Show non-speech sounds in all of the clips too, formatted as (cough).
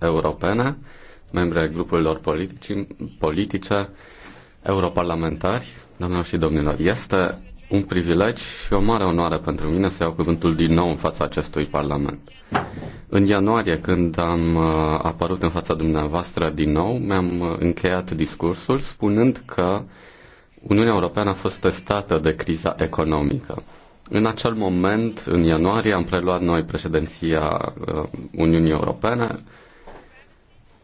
europene, membri ai grupurilor politici, politice, europarlamentari, doamnelor și domnilor. Este un privilegiu și o mare onoare pentru mine să iau cuvântul din nou în fața acestui Parlament. În ianuarie, când am uh, apărut în fața dumneavoastră din nou, mi-am uh, încheiat discursul spunând că Uniunea Europeană a fost testată de criza economică în acel moment, în ianuarie, am preluat noi președinția uh, Uniunii Europene,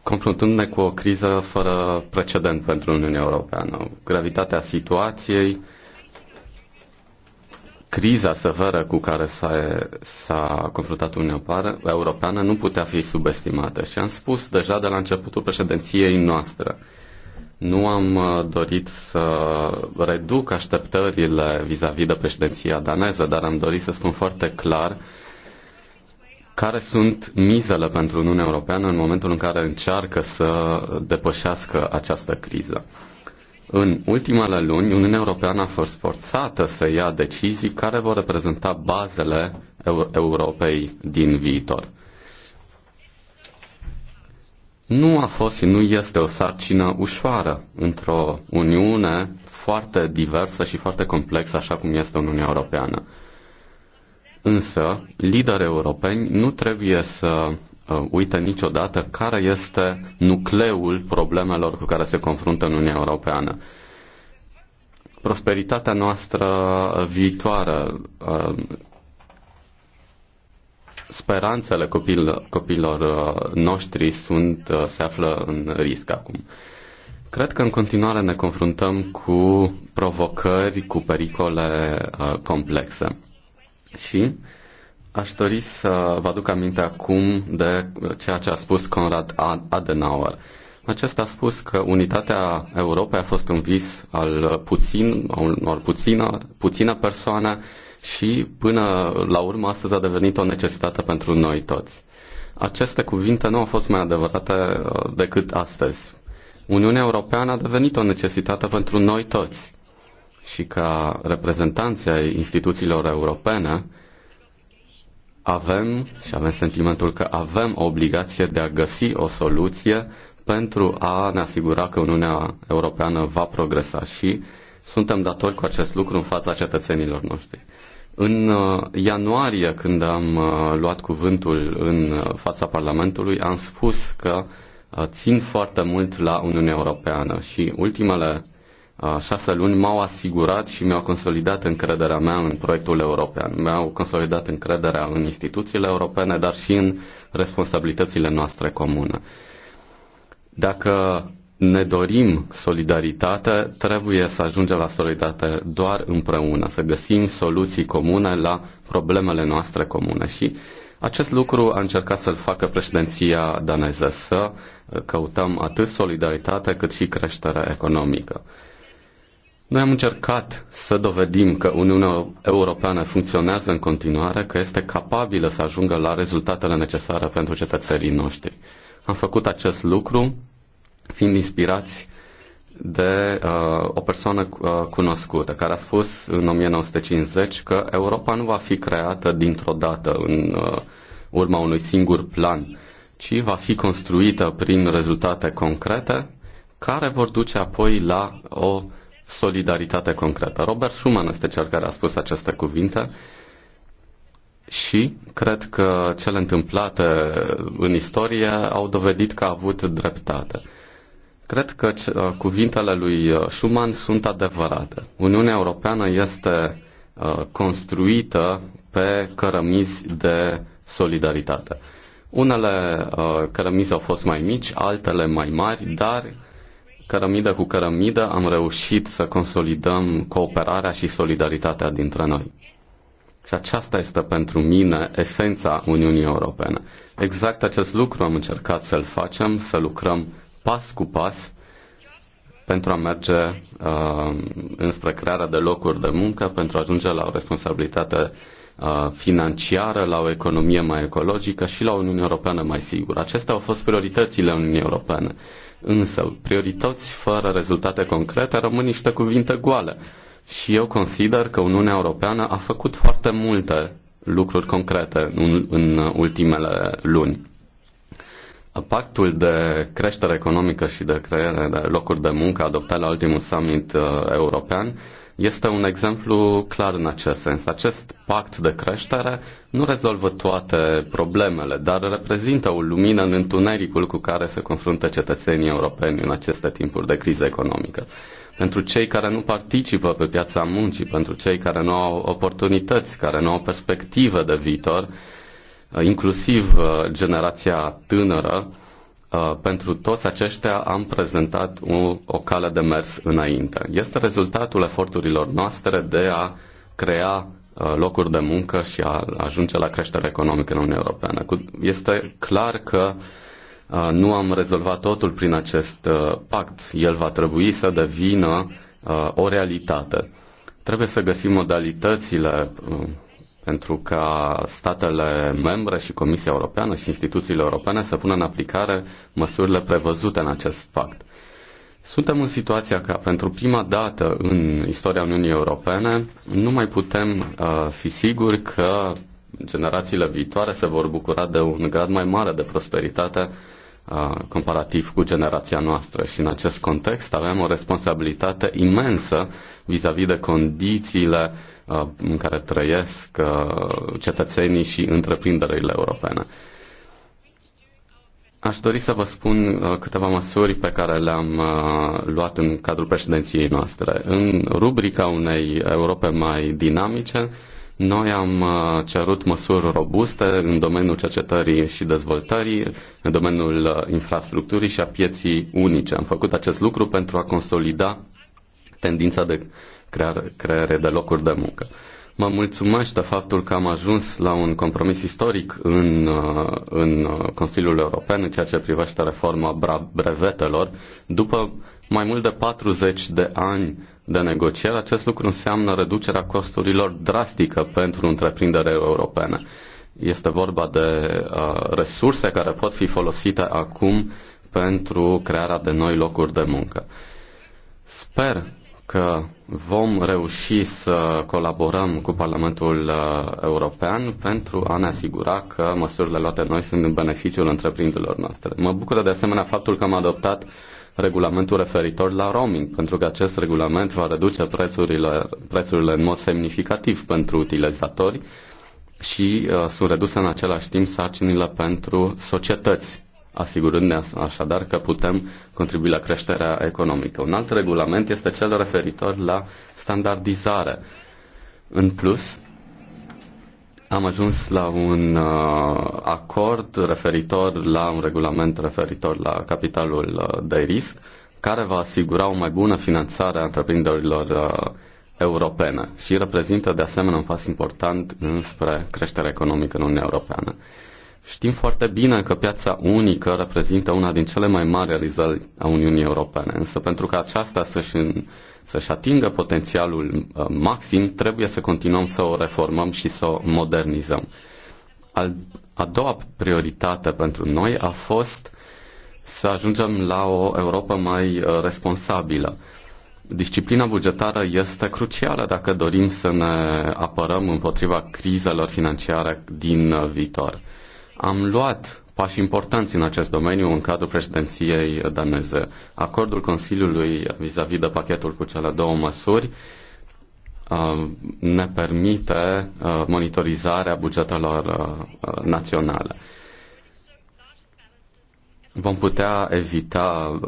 confruntându-ne cu o criză fără precedent pentru Uniunea Europeană. Gravitatea situației, criza severă cu care s-a, s-a confruntat Uniunea Europeană nu putea fi subestimată și am spus deja de la începutul președinției noastre – nu am uh, dorit să reduc așteptările vis-a-vis -vis de președinția daneză, dar am dorit să spun foarte clar care sunt mizele pentru Uniunea Europeană în momentul în care încearcă să depășească această criză. În ultimele luni, Uniunea Europeană a fost forțată să ia decizii care vor reprezenta bazele Europei din viitor nu a fost și nu este o sarcină ușoară într-o Uniune foarte diversă și foarte complexă, așa cum este Uniunea Europeană. Însă, liderii europeni nu trebuie să uh, uite niciodată care este nucleul problemelor cu care se confruntă Uniunea Europeană. Prosperitatea noastră viitoare, uh, speranțele copil, copilor uh, noștri sunt, uh, se află în risc acum. Cred că în continuare ne confruntăm cu provocări, cu pericole uh, complexe. Și aș dori să vă aduc aminte acum de ceea ce a spus Conrad Adenauer. Acesta a spus că unitatea Europei a fost un vis al puțin, al unor puțină, puțină persoană și până la urmă astăzi a devenit o necesitate pentru noi toți. Aceste cuvinte nu au fost mai adevărate uh, decât astăzi. Uniunea Europeană a devenit o necesitate pentru noi toți și ca reprezentanții ai instituțiilor europene avem și avem sentimentul că avem o obligație de a găsi o soluție pentru a ne asigura că Uniunea Europeană va progresa și suntem datori cu acest lucru în fața cetățenilor noștri. În uh, ianuarie, când am uh, luat cuvântul în uh, fața Parlamentului, am spus că țin foarte mult la Uniunea Europeană și ultimele șase luni m-au asigurat și mi-au consolidat încrederea mea în proiectul european. Mi-au consolidat încrederea în instituțiile europene, dar și în responsabilitățile noastre comune. Dacă ne dorim solidaritate, trebuie să ajungem la solidaritate doar împreună, să găsim soluții comune la problemele noastre comune și acest lucru a încercat să-l facă președinția daneză, să căutăm atât solidaritate cât și creștere economică. Noi am încercat să dovedim că Uniunea Europeană funcționează în continuare, că este capabilă să ajungă la rezultatele necesare pentru cetățenii noștri. Am făcut acest lucru fiind inspirați de uh, o persoană uh, cunoscută care a spus în 1950 că Europa nu va fi creată dintr-o dată în uh, urma unui singur plan, ci va fi construită prin rezultate concrete care vor duce apoi la o solidaritate concretă. Robert Schuman este cel care a spus aceste cuvinte și cred că cele întâmplate în istorie au dovedit că a avut dreptate. Cred că uh, cuvintele lui uh, Schuman sunt adevărate. Uniunea Europeană este uh, construită pe cărămizi de solidaritate. Unele cărămizi au fost mai mici, altele mai mari, dar cărămidă cu cărămidă am reușit să consolidăm cooperarea și solidaritatea dintre noi. Și aceasta este pentru mine esența Uniunii Europene. Exact acest lucru am încercat să-l facem, să lucrăm pas cu pas pentru a merge uh, înspre crearea de locuri de muncă, pentru a ajunge la o responsabilitate uh, financiară, la o economie mai ecologică și la o Uniune Europeană mai sigură. Acestea au fost prioritățile Uniunii Europene. Însă, priorități fără rezultate concrete rămân niște cuvinte goale. Și eu consider că Uniunea Europeană a făcut foarte multe lucruri concrete în, în ultimele luni. Pactul de creștere economică și de creare de locuri de muncă adoptat la ultimul summit uh, european este un exemplu clar în acest sens. Acest pact de creștere nu rezolvă toate problemele, dar reprezintă o lumină în întunericul cu care se confruntă cetățenii europeni în aceste timpuri de criză economică. Pentru cei care nu participă pe piața muncii, pentru cei care nu au oportunități, care nu au perspective de viitor, uh, Uh, inclusiv uh, generația tânără, uh, pentru toți aceștia am prezentat o, o cale de mers înainte. Este rezultatul eforturilor noastre de a crea locuri de muncă și a ajunge la creștere economică în Uniunea Europeană. Este clar că nu am rezolvat totul prin acest pact. El va trebui să devină o realitate. Trebuie să găsim modalitățile pentru ca statele membre și Comisia Europeană și instituțiile europene să pună în aplicare măsurile prevăzute în acest pact. Suntem în situația ca pentru prima dată în istoria Uniunii Europene nu mai putem uh, fi siguri că generațiile viitoare se vor bucura de un grad mai mare de prosperitate uh, comparativ cu generația noastră și în acest context avem o responsabilitate imensă vis-a-vis -vis de condițiile uh, Uh, în care trăiesc uh, cetățenii și întreprinderile europene. Aș dori să vă spun uh, câteva măsuri pe care le-am luat în cadrul președinției noastre. În rubrica unei Europe mai dinamice, noi am cerut măsuri robuste în domeniul cercetării și dezvoltării, în domeniul infrastructurii și a pieții unice. Am făcut acest lucru pentru a consolida tendința de creare, creare de locuri de muncă. Mă mulțumește faptul că am ajuns la un compromis istoric în, în Consiliul European în ceea ce privește reforma brevetelor. După mai mult de 40 de ani de negocieri, acest lucru înseamnă reducerea costurilor drastică pentru întreprindere europene. Este vorba de uh, resurse care pot fi folosite acum pentru crearea de noi locuri de muncă. Sper că vom reuși să colaborăm cu Parlamentul uh, European pentru a ne asigura că măsurile luate noi sunt în beneficiul întreprinderilor noastre. Mă bucură de asemenea faptul că am adoptat regulamentul referitor la roaming, pentru că acest regulament va reduce prețurile, prețurile în mod semnificativ pentru utilizatori și uh, sunt reduse în același timp sarcinile pentru societăți asigurând-ne așadar că putem contribui la creșterea economică. Un alt regulament este cel referitor la standardizare. În plus, am ajuns la un uh, acord referitor la un regulament referitor la capitalul uh, de risc care va asigura o mai bună finanțare a întreprinderilor uh, europene și reprezintă de asemenea un pas important înspre creșterea economică în Uniunea Europeană. Știm foarte bine că piața unică reprezintă una din cele mai mari realizări a Uniunii Europene, însă pentru ca aceasta să-și, să-și atingă potențialul uh, maxim, trebuie să continuăm să o reformăm și să o modernizăm. Al, a doua prioritate pentru noi a fost să ajungem la o Europa mai uh, responsabilă. Disciplina bugetară este crucială dacă dorim să ne apărăm împotriva crizelor financiare din uh, viitor. Am luat pași importanți în acest domeniu în cadrul președinției daneze. Acordul Consiliului vis-a-vis -vis de pachetul cu cele două măsuri uh, ne permite uh, monitorizarea bugetelor uh, naționale. Vom putea evita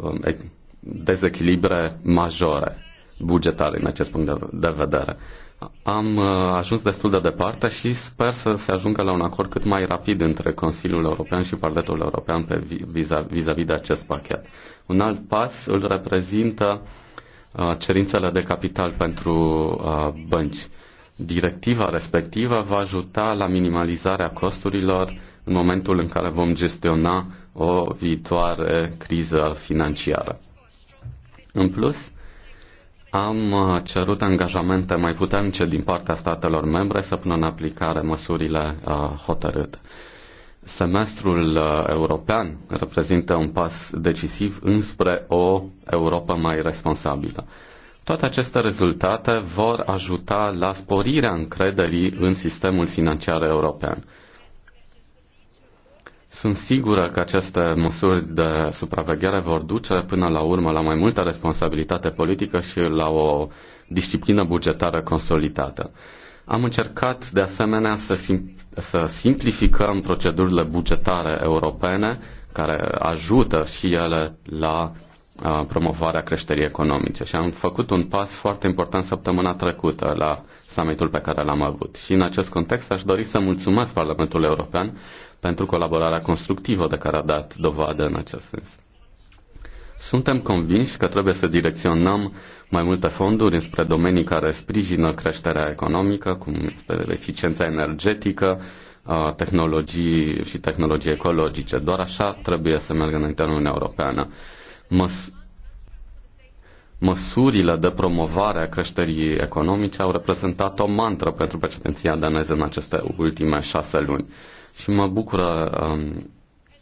dezechilibre majore bugetare în acest punct de vedere. Am uh, ajuns destul de departe și sper să se ajungă la un acord cât mai rapid între Consiliul European și Parlamentul European pe vis-a-vis -vis de acest pachet. Un alt pas îl reprezintă uh, cerințele de capital pentru uh, bănci. Directiva respectivă va ajuta la minimalizarea costurilor în momentul în care vom gestiona o viitoare criză financiară. În plus, am uh, cerut angajamente mai puternice din partea statelor membre să pună în aplicare măsurile uh, hotărâte. Semestrul uh, european reprezintă un pas decisiv înspre o Europa mai responsabilă. Toate aceste rezultate vor ajuta la sporirea încrederii în sistemul financiar european. Sunt sigură că aceste măsuri de supraveghere vor duce până la urmă la mai multă responsabilitate politică și la o disciplină bugetară consolidată. Am încercat de asemenea să, sim- să simplificăm procedurile bugetare europene care ajută și ele la promovarea creșterii economice și am făcut un pas foarte important săptămâna trecută la summitul pe care l-am avut. Și în acest context aș dori să mulțumesc Parlamentul European pentru colaborarea constructivă de care a dat dovadă în acest sens. Suntem convinși că trebuie să direcționăm mai multe fonduri înspre domenii care sprijină creșterea economică, cum este eficiența energetică, tehnologii și tehnologii ecologice. Doar așa trebuie să meargă înainte în Uniunea Europeană. Măs- măsurile de promovare a creșterii economice au reprezentat o mantră pentru președinția daneză în aceste ultime șase luni și mă bucură um,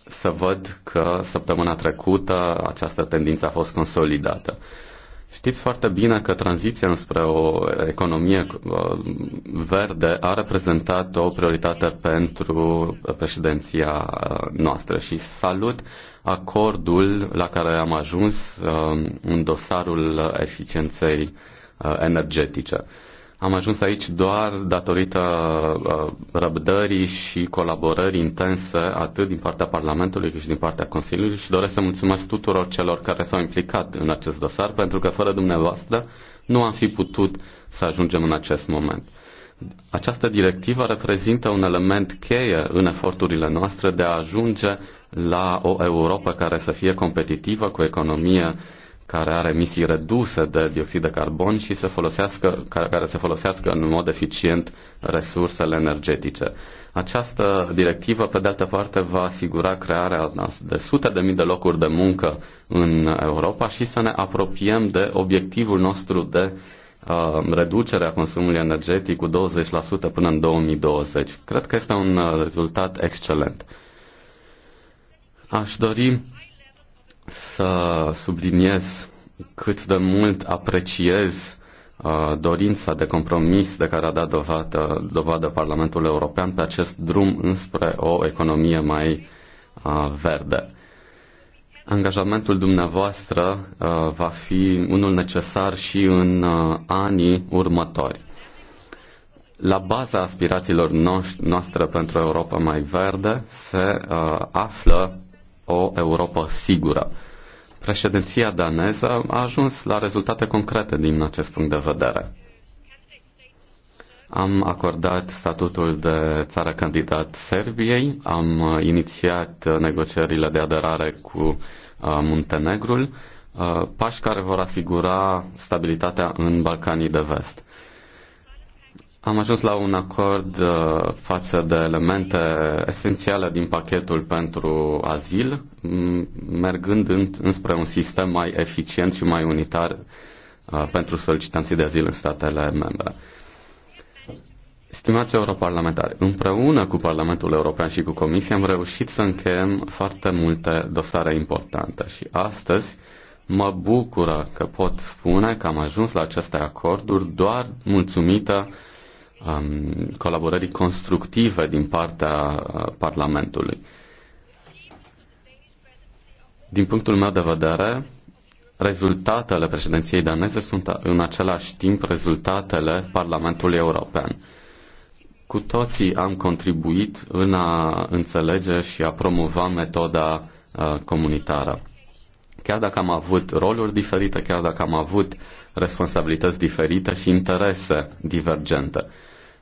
să văd că săptămâna trecută această tendință a fost consolidată. Știți foarte bine că tranziția înspre o economie uh, verde a reprezentat o prioritate pentru președinția noastră și salut acordul la care am ajuns um, în dosarul eficienței uh, energetice. Am ajuns aici doar datorită uh, răbdării și colaborării intense atât din partea Parlamentului cât și din partea Consiliului și doresc să mulțumesc tuturor celor care s-au implicat în acest dosar pentru că fără dumneavoastră nu am fi putut să ajungem în acest moment. Această directivă reprezintă un element cheie în eforturile noastre de a ajunge la o Europa care să fie competitivă cu economie uh, care are emisii reduse de dioxid de carbon și să folosească, care, care să folosească în mod eficient resursele energetice. Această directivă, pe de altă parte, va asigura crearea de sute de mii de locuri de muncă în Europa și să ne apropiem de obiectivul nostru de uh, reducerea consumului energetic cu 20% până în 2020. Cred că este un uh, rezultat excelent. Aș dori să subliniez cât de mult apreciez uh, dorința de compromis de care a dat dovadă, dovadă Parlamentul European pe acest drum înspre o economie mai uh, verde. Angajamentul dumneavoastră uh, va fi unul necesar și în anii următori. La baza aspirațiilor noastre pentru Europa mai verde se află o Europa sigură. Președinția daneză a ajuns la rezultate concrete din acest punct de vedere. Am acordat statutul de țară candidat Serbiei, am inițiat negocierile de aderare cu uh, Muntenegrul, uh, pași care vor asigura stabilitatea în Balcanii de Vest. Am ajuns la un acord uh, față de elemente esențiale din pachetul pentru azil, mergând în, înspre un sistem mai eficient și mai unitar uh, pentru solicitanții de azil în statele membre. Stimați europarlamentari, împreună cu Parlamentul European și cu Comisia am reușit să încheiem foarte multe dosare importante și astăzi mă bucură că pot spune că am ajuns la aceste acorduri doar mulțumită uh, um, colaborării constructive din partea uh, Parlamentului. Din punctul meu de vedere, rezultatele președinției daneze sunt în același timp rezultatele Parlamentului European. Cu toții am contribuit în a înțelege și a promova metoda uh, comunitară. Chiar dacă am avut roluri diferite, chiar dacă am avut responsabilități diferite și interese divergente.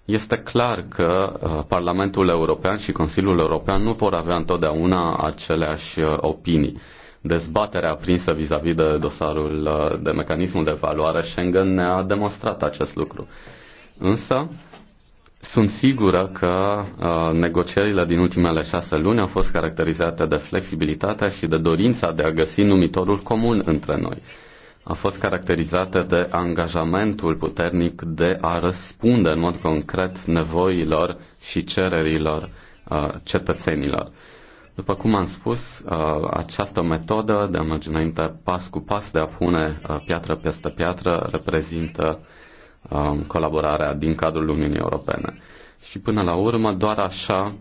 Este clar că uh, Parlamentul European și Consiliul European nu vor avea întotdeauna aceleași uh, opinii. Dezbaterea aprinsă vis-a-vis -vis de dosarul uh, de mecanismul de evaluare Schengen ne-a demonstrat acest lucru. Însă, sunt sigură că negocierile din ultimele șase luni au fost caracterizate de flexibilitatea și de dorința de a găsi numitorul comun între noi a fost caracterizată de angajamentul puternic de a răspunde în mod concret nevoilor și cererilor uh, cetățenilor. După cum am spus, uh, această metodă de a merge înainte pas cu pas, de a pune uh, piatră peste piatră, reprezintă um, colaborarea din cadrul Uniunii Europene. Și până la urmă, doar așa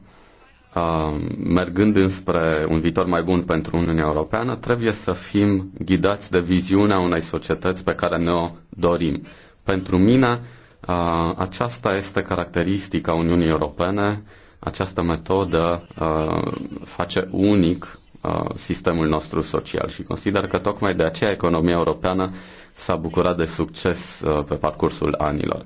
Uh, mergând înspre un viitor mai bun pentru Uniunea Europeană, trebuie să fim ghidați de viziunea unei societăți pe care ne-o dorim. Pentru mine, uh, aceasta este caracteristica Uniunii Europene, această metodă uh, face unic sistemul nostru social și consider că tocmai de aceea economia europeană s-a bucurat de succes pe parcursul anilor.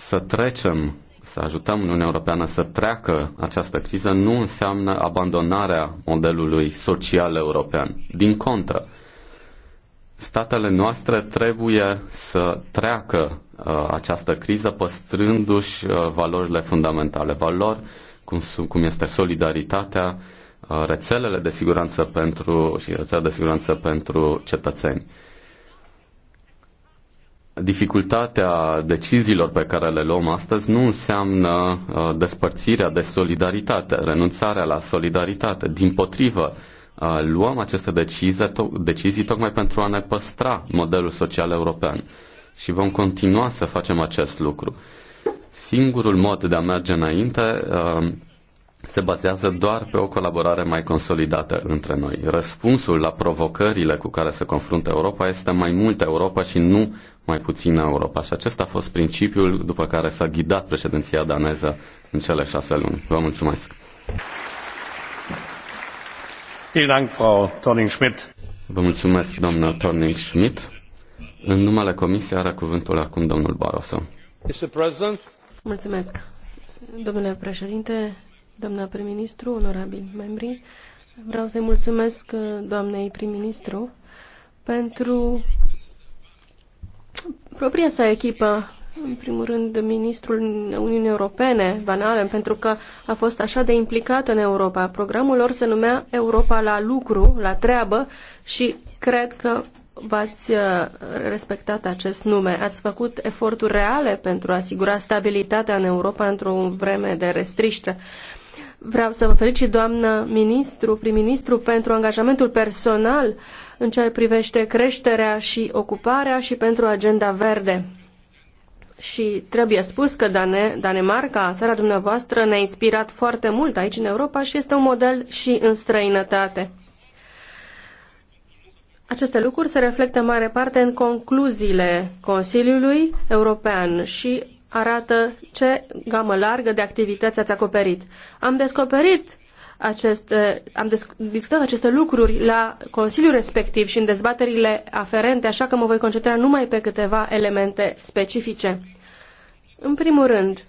să trecem, să ajutăm Uniunea Europeană să treacă această criză nu înseamnă abandonarea modelului social european. Din contră, statele noastre trebuie să treacă uh, această criză păstrându-și uh, valorile fundamentale, valori cum, cum este solidaritatea, uh, rețelele de siguranță pentru și rețelele de siguranță pentru cetățeni. Uh, dificultatea deciziilor pe care le luăm astăzi nu înseamnă uh, despărțirea de solidaritate, renunțarea la solidaritate. Din potrivă, uh, luăm aceste decizii, to- decizii tocmai pentru a ne păstra modelul social european și vom continua să facem acest lucru. Singurul mod de a merge înainte uh, se bazează doar pe o colaborare mai consolidată între noi. Răspunsul la provocările cu care se confruntă Europa este mai multă Europa și nu mai puțină Europa. Și acesta a fost principiul după care s-a ghidat președinția daneză în cele șase luni. Vă mulțumesc! Vă mulțumesc, doamnă Torning Schmidt. În numele Comisiei are cuvântul acum domnul Barroso. Mulțumesc. Domnule președinte, doamna prim-ministru, onorabili membri, vreau să-i mulțumesc uh, doamnei prim-ministru pentru propria sa echipă, în primul rând ministrul Uniunii Europene, Van Allen, pentru că a fost așa de implicat în Europa. Programul lor se numea Europa la lucru, la treabă și cred că v-ați uh, respectat acest nume. Ați făcut eforturi reale pentru a asigura stabilitatea în Europa într-o vreme de restriștere. Vreau să vă felicit, doamnă ministru, prim-ministru, pentru angajamentul personal în ceea ce privește creșterea și ocuparea și pentru agenda verde. Și trebuie spus că Danemarca, țara dumneavoastră, ne-a inspirat foarte mult aici în Europa și este un model și în străinătate. Aceste lucruri se reflectă în mare parte în concluziile Consiliului European și arată ce gamă largă de activități ați acoperit. Am descoperit aceste, am discutat aceste lucruri la Consiliul respectiv și în dezbaterile aferente, așa că mă voi concentra numai pe câteva elemente specifice. În primul rând,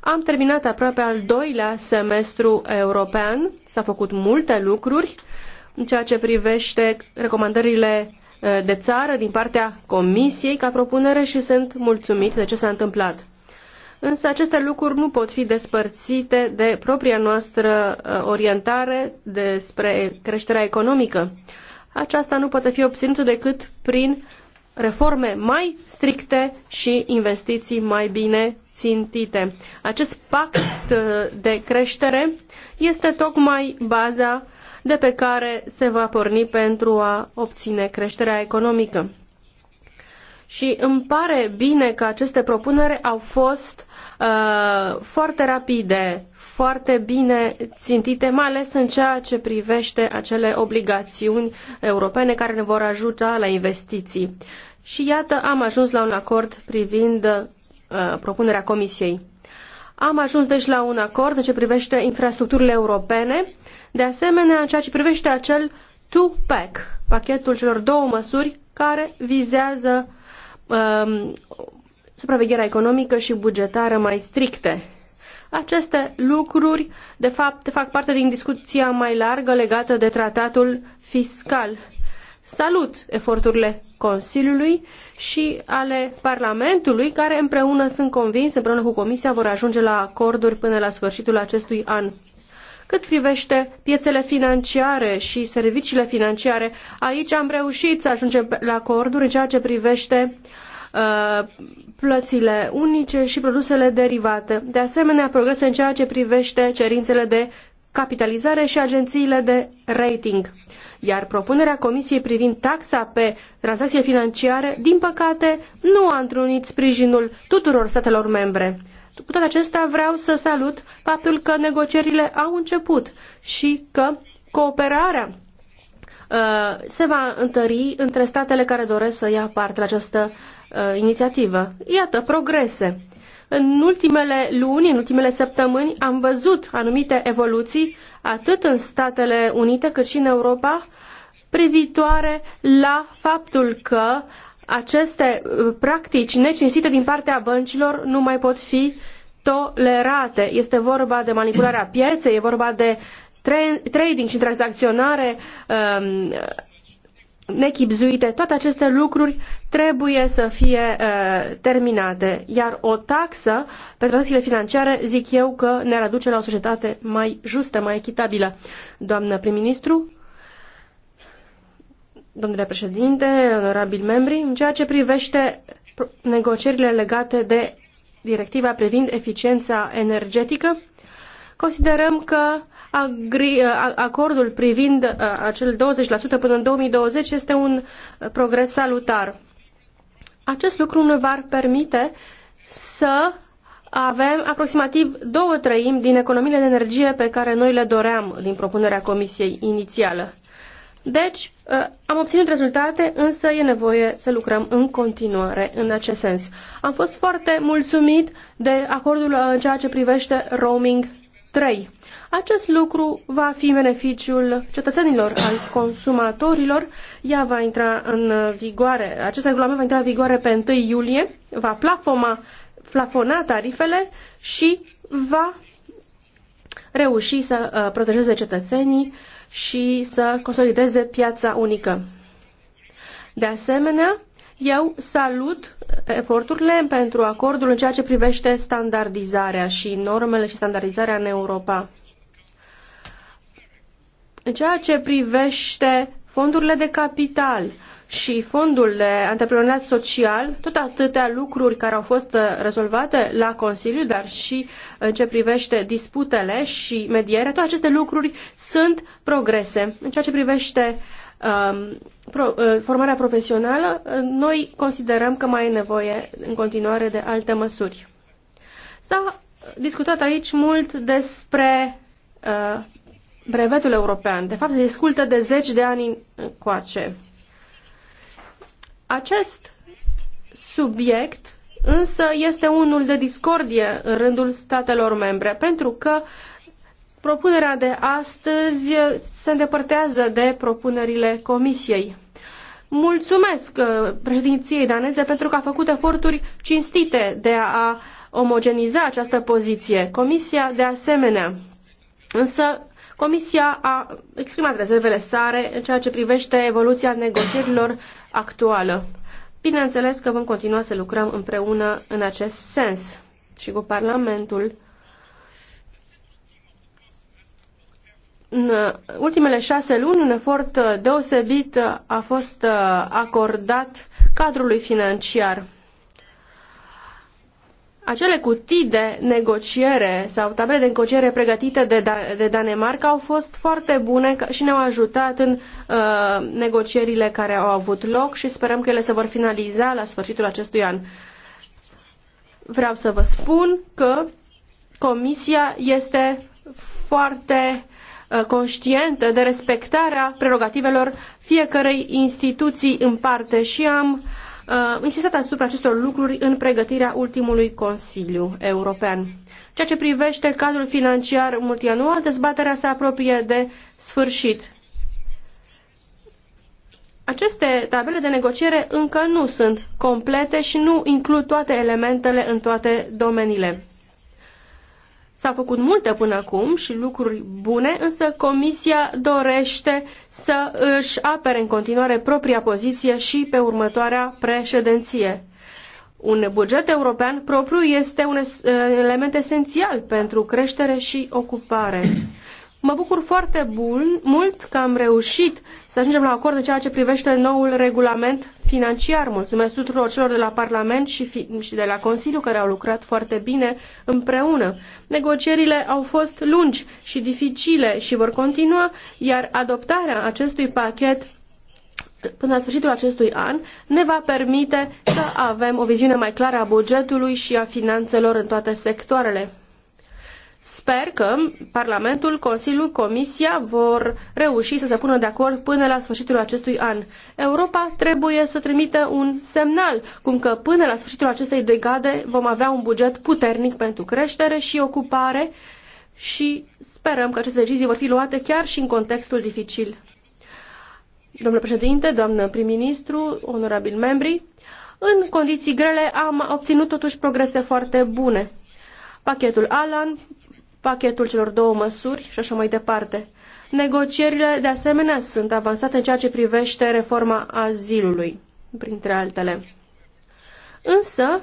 am terminat aproape al doilea semestru european, s a făcut multe lucruri în ceea ce privește recomandările Eh, de țară din partea Comisiei ca propunere și sunt mulțumit de ce s-a întâmplat. Însă aceste lucruri nu pot fi despărțite de propria noastră eh, orientare despre creșterea economică. Aceasta nu poate fi obținută decât prin reforme mai stricte și investiții mai bine țintite. Acest pact eh, de creștere este tocmai baza uh, de pe care se va porni pentru a obține creșterea economică. Și îmi pare bine că aceste propuneri au fost uh, foarte rapide, foarte bine țintite, mai ales în ceea ce privește acele obligațiuni europene care ne vor ajuta la investiții. Și iată, am ajuns la un acord privind uh, propunerea Comisiei. Am ajuns deci la un acord în ce privește infrastructurile europene, de asemenea în ceea ce privește acel two-pack, pachetul celor două măsuri care vizează um, supravegherea economică și bugetară mai stricte. Aceste lucruri, de fapt, fac parte din discuția mai largă legată de tratatul fiscal. Salut eforturile Consiliului și ale Parlamentului, care împreună sunt convins, împreună cu Comisia, vor ajunge la acorduri până la sfârșitul acestui an. Cât privește piețele financiare și serviciile financiare, aici am reușit să ajungem la acorduri în ceea ce privește uh, plățile unice și produsele derivate. De asemenea, progrese în ceea ce privește cerințele de capitalizare și agențiile de rating. Iar propunerea Comisiei privind taxa pe tranzacții financiare, din păcate, nu a întrunit sprijinul tuturor statelor membre. Cu toate acestea, vreau să salut faptul că negocierile au început și că cooperarea uh, se va întări între statele care doresc să ia parte la această uh, inițiativă. Iată, progrese. În ultimele luni, în ultimele săptămâni, am văzut anumite evoluții, atât în Statele Unite cât și în Europa, privitoare la faptul că aceste uh, practici necinstite din partea băncilor nu mai pot fi tolerate. Este vorba de manipularea pieței, e vorba de trading și tranzacționare um, nechipzuite, toate aceste lucruri trebuie să fie uh, terminate. Iar o taxă pe tranzacțiile financiare, zic eu, că ne-ar aduce la o societate mai justă, mai echitabilă. Doamnă prim-ministru, domnule președinte, onorabili membri, în ceea ce privește negocierile legate de directiva privind eficiența energetică, considerăm că Agri, uh, acordul privind uh, acel 20% până în 2020 este un uh, progres salutar. Acest lucru ne va permite să avem aproximativ două treimi din economiile de energie pe care noi le doream din propunerea comisiei inițială. Deci, am obținut rezultate, însă e nevoie să lucrăm în continuare în acest sens. Am fost foarte mulțumit de acordul în ceea ce privește roaming 3. Acest lucru va fi beneficiul cetățenilor, al consumatorilor. Ea va intra în vigoare, acest regulament va intra în vigoare pe 1 iulie, va plafoma, plafona tarifele și va reuși să uh, protejeze cetățenii și să consolideze piața unică. De asemenea, eu salut eforturile pentru acordul în ceea ce privește standardizarea și normele și standardizarea în Europa. În ceea ce privește fondurile de capital și fondul de antreprenoriat social, tot atâtea lucruri care au fost rezolvate la Consiliu, dar și în ce privește disputele și medierea, toate aceste lucruri sunt progrese. În ceea ce privește uh, Um, uh, formarea profesională, uh, noi considerăm că mai e nevoie în continuare de alte măsuri. S-a discutat aici mult despre uh, brevetul european. De fapt, se discută de zeci de ani încoace. Acest subiect însă este unul de discordie în rândul statelor membre, pentru că Propunerea de astăzi se îndepărtează de propunerile Comisiei. Mulțumesc uh, președinției daneze pentru că a făcut eforturi cinstite de a omogeniza această poziție. Comisia, de asemenea, însă Comisia a exprimat rezervele sare în ceea ce privește evoluția negocierilor actuală. Bineînțeles că vom continua să lucrăm împreună în acest sens și cu Parlamentul. În uh, ultimele șase luni, un efort uh, deosebit uh, a fost acordat cadrului financiar. Acele cutii de negociere sau tabele de negociere pregătite de, da, de Danemarca au fost foarte bune și ne-au ajutat în uh, negocierile care au avut loc și sperăm că ele se vor finaliza la sfârșitul acestui an. Vreau să vă spun că Comisia este foarte Uh, conștientă de respectarea prerogativelor fiecărei instituții în parte și am uh, insistat asupra acestor lucruri în pregătirea ultimului Consiliu European. Ceea ce privește cadrul financiar multianual, dezbaterea se apropie de sfârșit. Aceste tabele de negociere încă nu sunt complete și nu includ toate elementele în toate domeniile. S-au făcut multe până acum și lucruri bune, însă Comisia dorește să își apere în continuare propria poziție și pe următoarea președinție. Un buget european propriu este un element esențial pentru creștere și ocupare. Mă bucur foarte bun, mult că am reușit să ajungem la acord în ceea ce privește noul regulament financiar. Mulțumesc tuturor celor de la Parlament și, fi, și de la Consiliu care au lucrat foarte bine împreună. Negocierile au fost lungi și dificile și vor continua, iar adoptarea acestui pachet până la sfârșitul acestui an ne va permite să avem o viziune mai clară a bugetului și a finanțelor în toate sectoarele. Sper că Parlamentul, Consiliul, Comisia vor reuși să se pună de acord până la sfârșitul acestui an. Europa trebuie să trimită un semnal, cum că până la sfârșitul acestei decade vom avea un buget puternic pentru creștere și ocupare și sperăm că aceste decizii vor fi luate chiar și în contextul dificil. Domnule președinte, doamnă prim-ministru, onorabili membri, în condiții grele am obținut totuși progrese foarte bune. Pachetul Alan, pachetul celor două măsuri și așa mai departe. Negocierile, de asemenea, sunt avansate în ceea ce privește reforma azilului, printre altele. Însă,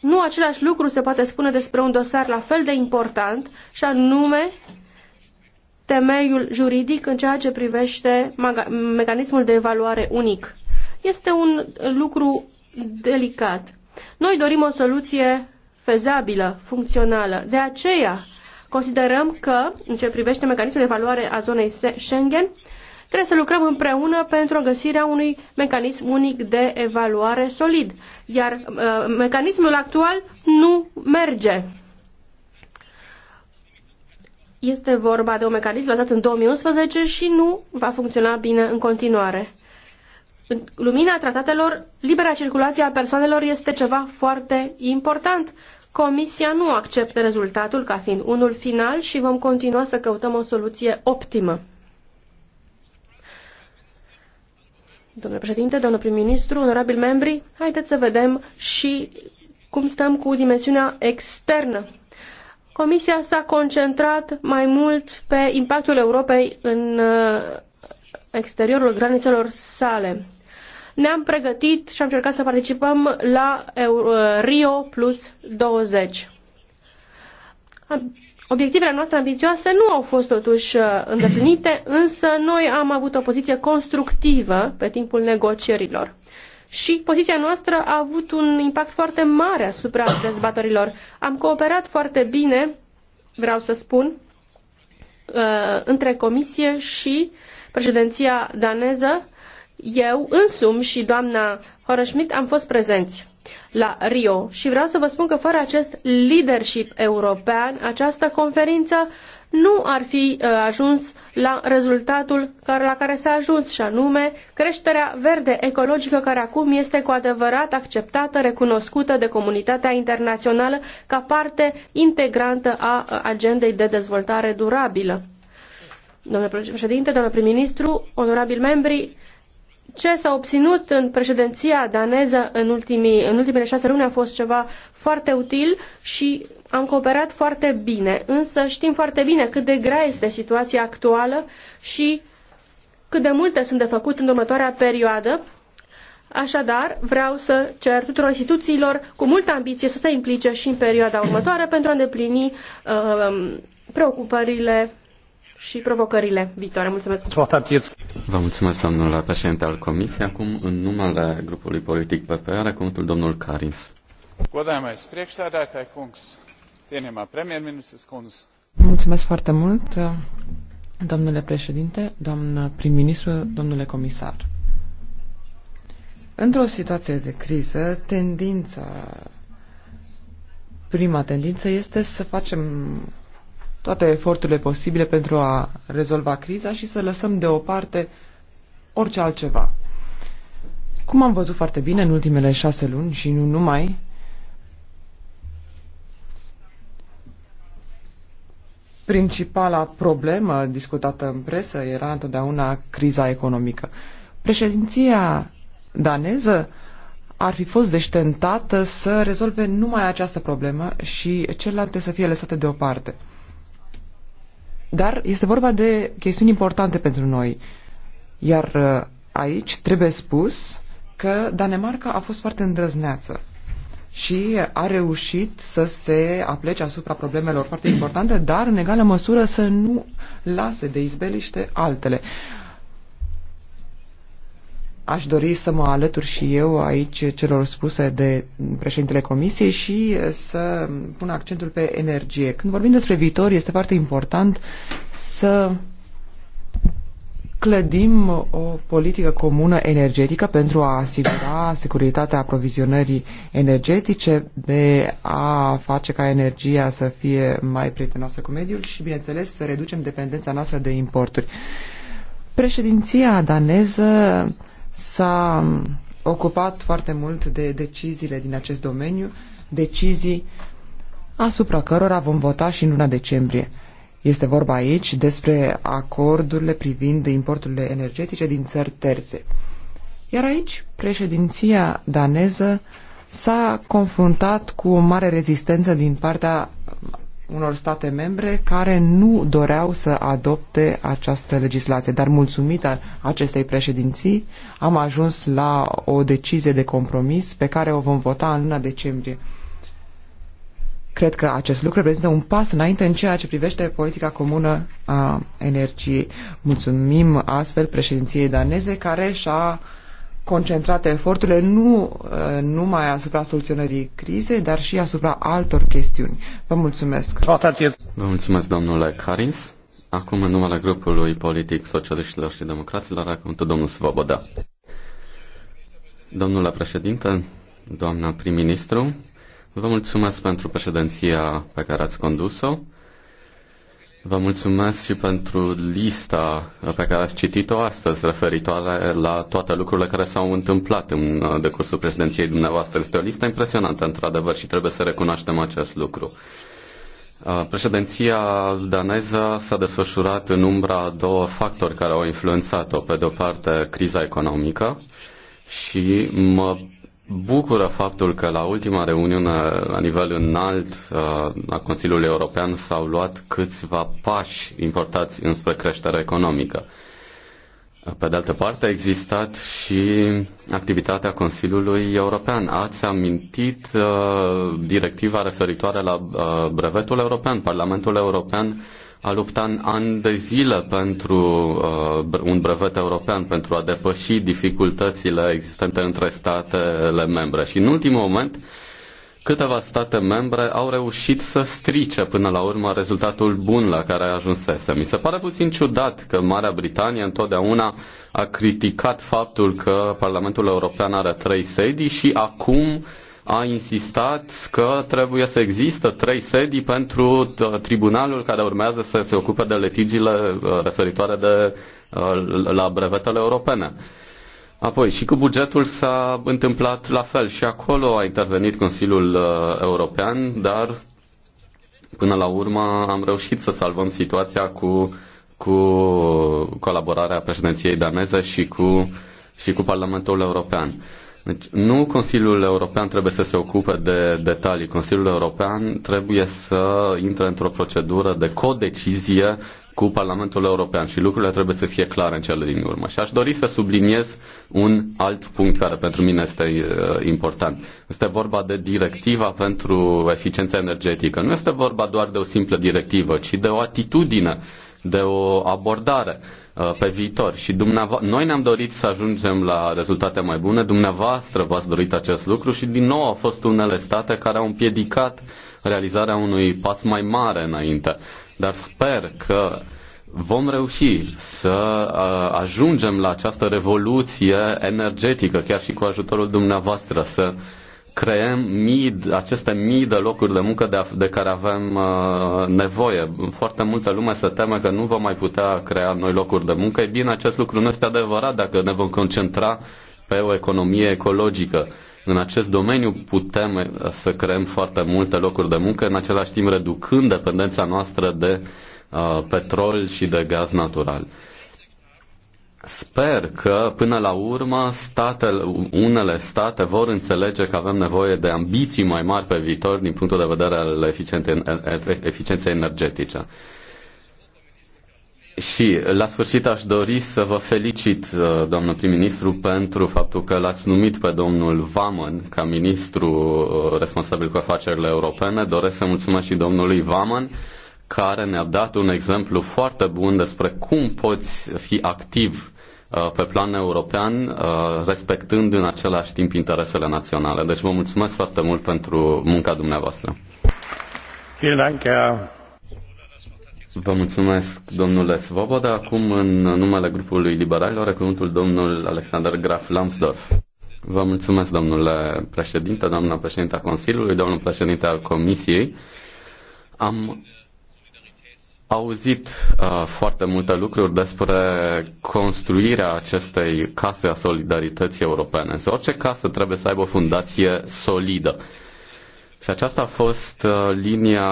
nu același lucru se poate spune despre un dosar la fel de important, și anume temeiul juridic în ceea ce privește mecanismul de evaluare unic. Este un lucru delicat. Noi dorim o soluție fezabilă, funcțională. De aceea considerăm că, în ce privește mecanismul de evaluare a zonei Schengen, trebuie să lucrăm împreună pentru găsirea unui mecanism unic de evaluare solid. Iar uh, mecanismul actual nu merge. Este vorba de un mecanism lăsat în 2011 și nu va funcționa bine în continuare. În lumina tratatelor, libera circulație a persoanelor este ceva foarte important. Comisia nu acceptă rezultatul ca fiind unul final și vom continua să căutăm o soluție optimă. Domnule președinte, domnule prim-ministru, onorabili membri, haideți să vedem și cum stăm cu dimensiunea externă. Comisia s-a concentrat mai mult pe impactul Europei în uh, exteriorul granițelor sale. Ne-am pregătit și am încercat să participăm la uh, Rio plus 20. Obiectivele noastre ambițioase nu au fost totuși uh, îndeplinite, însă noi am avut o poziție constructivă pe timpul negocierilor. Și poziția noastră a avut un impact foarte mare asupra dezbaterilor. Am cooperat foarte bine, vreau să spun, uh, între comisie și uh, președinția daneză, eu însumi și doamna Horășmit am fost prezenți la Rio și vreau să vă spun că fără acest leadership european, această conferință nu ar fi uh, ajuns la rezultatul la care s-a ajuns și anume creșterea verde ecologică care acum este cu adevărat acceptată, recunoscută de comunitatea internațională ca parte integrantă a uh, agendei de dezvoltare durabilă. Domnule președinte, domnule prim-ministru, onorabili membri, ce s-a obținut în președinția daneză în, ultimii, în ultimele șase luni a fost ceva foarte util și am cooperat foarte bine, însă știm foarte bine cât de grea este situația actuală și cât de multe sunt de făcut în următoarea perioadă. Așadar, vreau să cer tuturor instituțiilor cu multă ambiție să se implice și în perioada următoare pentru a îndeplini uh, preocupările și provocările viitoare. Mulțumesc! Vă mulțumesc, domnul președinte al Comisiei. Acum, în numele grupului politic PP, are cuvântul domnul Carins. Godājamais kungs, Mulțumesc foarte mult, domnule președinte, doamnă prim-ministru, domnule comisar. Într-o situație de criză, tendința, prima tendință este să facem toate eforturile posibile pentru a rezolva criza și să lăsăm deoparte orice altceva. Cum am văzut foarte bine în ultimele șase luni și nu numai, principala problemă discutată în presă era întotdeauna criza economică. Președinția daneză ar fi fost deci tentată să rezolve numai această problemă și celelalte să fie lăsate deoparte. Dar este vorba de chestiuni importante pentru noi. Iar uh, aici trebuie spus că Danemarca a fost foarte îndrăzneață și a reușit să se aplece asupra problemelor foarte importante, dar în egală măsură să nu lase de izbeliște altele. Uh, Aș dori să mă alătur și eu aici celor spuse de președintele Comisiei și să pun accentul pe energie. Când vorbim despre viitor, este foarte important să clădim o politică comună energetică pentru a asigura securitatea aprovizionării energetice, de a face ca energia să fie mai prietenoasă cu mediul și, bineînțeles, să reducem dependența noastră de importuri. Președinția daneză s-a ocupat foarte mult de deciziile din acest domeniu, decizii asupra cărora vom vota și în luna decembrie. Este vorba aici despre acordurile privind importurile energetice din țări terțe. Iar aici, președinția daneză s-a confruntat cu o mare rezistență din partea unor state membre care nu doreau să adopte această legislație. Dar mulțumită acestei președinții am ajuns la o decizie de compromis pe care o vom vota în luna decembrie. Cred că acest lucru reprezintă un pas înainte în ceea ce privește politica comună a energiei. Mulțumim astfel președinției daneze care și-a concentrate eforturile nu uh, numai asupra soluționării crizei, dar și asupra altor chestiuni. Vă mulțumesc! Vă mulțumesc, domnule Caris. Acum, în numele grupului politic socialiștilor și democraților, acum tot domnul Svoboda. Domnule președinte, doamna prim-ministru, vă mulțumesc pentru președinția pe care ați condus-o. Vă mulțumesc și pentru lista pe care ați citit-o astăzi, referitoare la toate lucrurile care s-au întâmplat în uh, decursul președinției dumneavoastră. Este o listă impresionantă, într-adevăr, și trebuie să recunoaștem acest lucru. Uh, președinția daneză s-a desfășurat în umbra două factori care au influențat-o. Pe de o parte, criza economică și mă bucură faptul că la ultima reuniune la nivel înalt uh, a Consiliului European s-au luat câțiva pași importați înspre creșterea economică. Pe de altă parte, a existat și activitatea Consiliului European. Ați amintit uh, directiva referitoare la uh, brevetul european. Parlamentul European uh, a luptat ani de zile pentru uh, un brevet european, pentru a depăși dificultățile existente între statele membre. Și în ultimul moment, câteva state membre au reușit să strice până la urmă rezultatul bun la care ajunsese. Mi se pare puțin ciudat că Marea Britanie întotdeauna a criticat faptul că Parlamentul European are trei sedii și acum uh, a insistat că trebuie să există trei sedii pentru uh, tribunalul care urmează să se ocupe de litigiile uh, referitoare de, uh, la brevetele europene. Apoi și cu bugetul s-a întâmplat la fel și acolo a intervenit Consiliul European, dar până la urmă am reușit să salvăm situația cu, cu colaborarea președinției daneze și cu, și cu Parlamentul European. Deci nu Consiliul European trebuie să se ocupe de detalii. Consiliul European trebuie să intre într-o procedură de codecizie cu Parlamentul European și lucrurile trebuie să fie clare în cele din urmă. Și aș dori să subliniez un alt punct care pentru mine este uh, important. Este vorba de directiva pentru eficiența energetică. Nu este vorba doar de o simplă directivă, ci de o atitudine, de o abordare. Uh, pe viitor. Și noi ne-am dorit să ajungem la rezultate mai bune, dumneavoastră v-ați dorit acest lucru și din nou au fost unele state care au împiedicat realizarea unui pas mai mare înainte. Dar sper că vom reuși să uh, ajungem la această revoluție energetică, chiar și cu ajutorul dumneavoastră, să creăm mii, aceste mii de locuri de muncă de, de care avem uh, nevoie. Foarte multă lume se teme că nu vom mai putea crea noi locuri de muncă. E bine, acest lucru nu este adevărat dacă ne vom concentra pe o economie ecologică. În acest domeniu putem uh, să creăm foarte multe locuri de muncă, în același timp reducând dependența noastră de uh, petrol și de gaz natural. Sper că, până la urmă, statele, unele state vor înțelege că avem nevoie de ambiții mai mari pe viitor din punctul de vedere al eficienței energetice. Și la sfârșit aș dori să vă felicit, uh, domnul prim-ministru, pentru faptul că l-ați numit pe domnul Vaman ca ministru uh, responsabil cu afacerile europene. Doresc să mulțumesc și domnului Vaman care ne-a dat un exemplu foarte bun despre cum poți fi activ Uh, pe plan european, uh, respectând în același timp interesele naționale. Deci vă mulțumesc foarte mult pentru munca dumneavoastră. Vă mulțumesc, domnule Svoboda. Acum, în numele grupului liberalilor, cuvântul domnul Alexander Graf Lambsdorff. Vă mulțumesc, domnule președinte, doamna președinte a Consiliului, domnul președinte al Comisiei. Am auzit uh, foarte multe lucruri despre construirea acestei case a solidarității europene. Însă orice casă trebuie să aibă o fundație solidă. Și aceasta a fost uh, linia,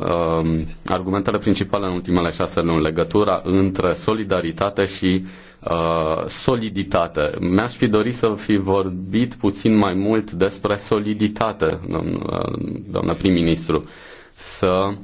uh, argumentele principale în ultimele șase luni, legătura între solidaritate și uh, soliditate. Mi-aș fi dorit să fi vorbit puțin mai mult despre soliditate, uh, doamnă prim-ministru, să uh,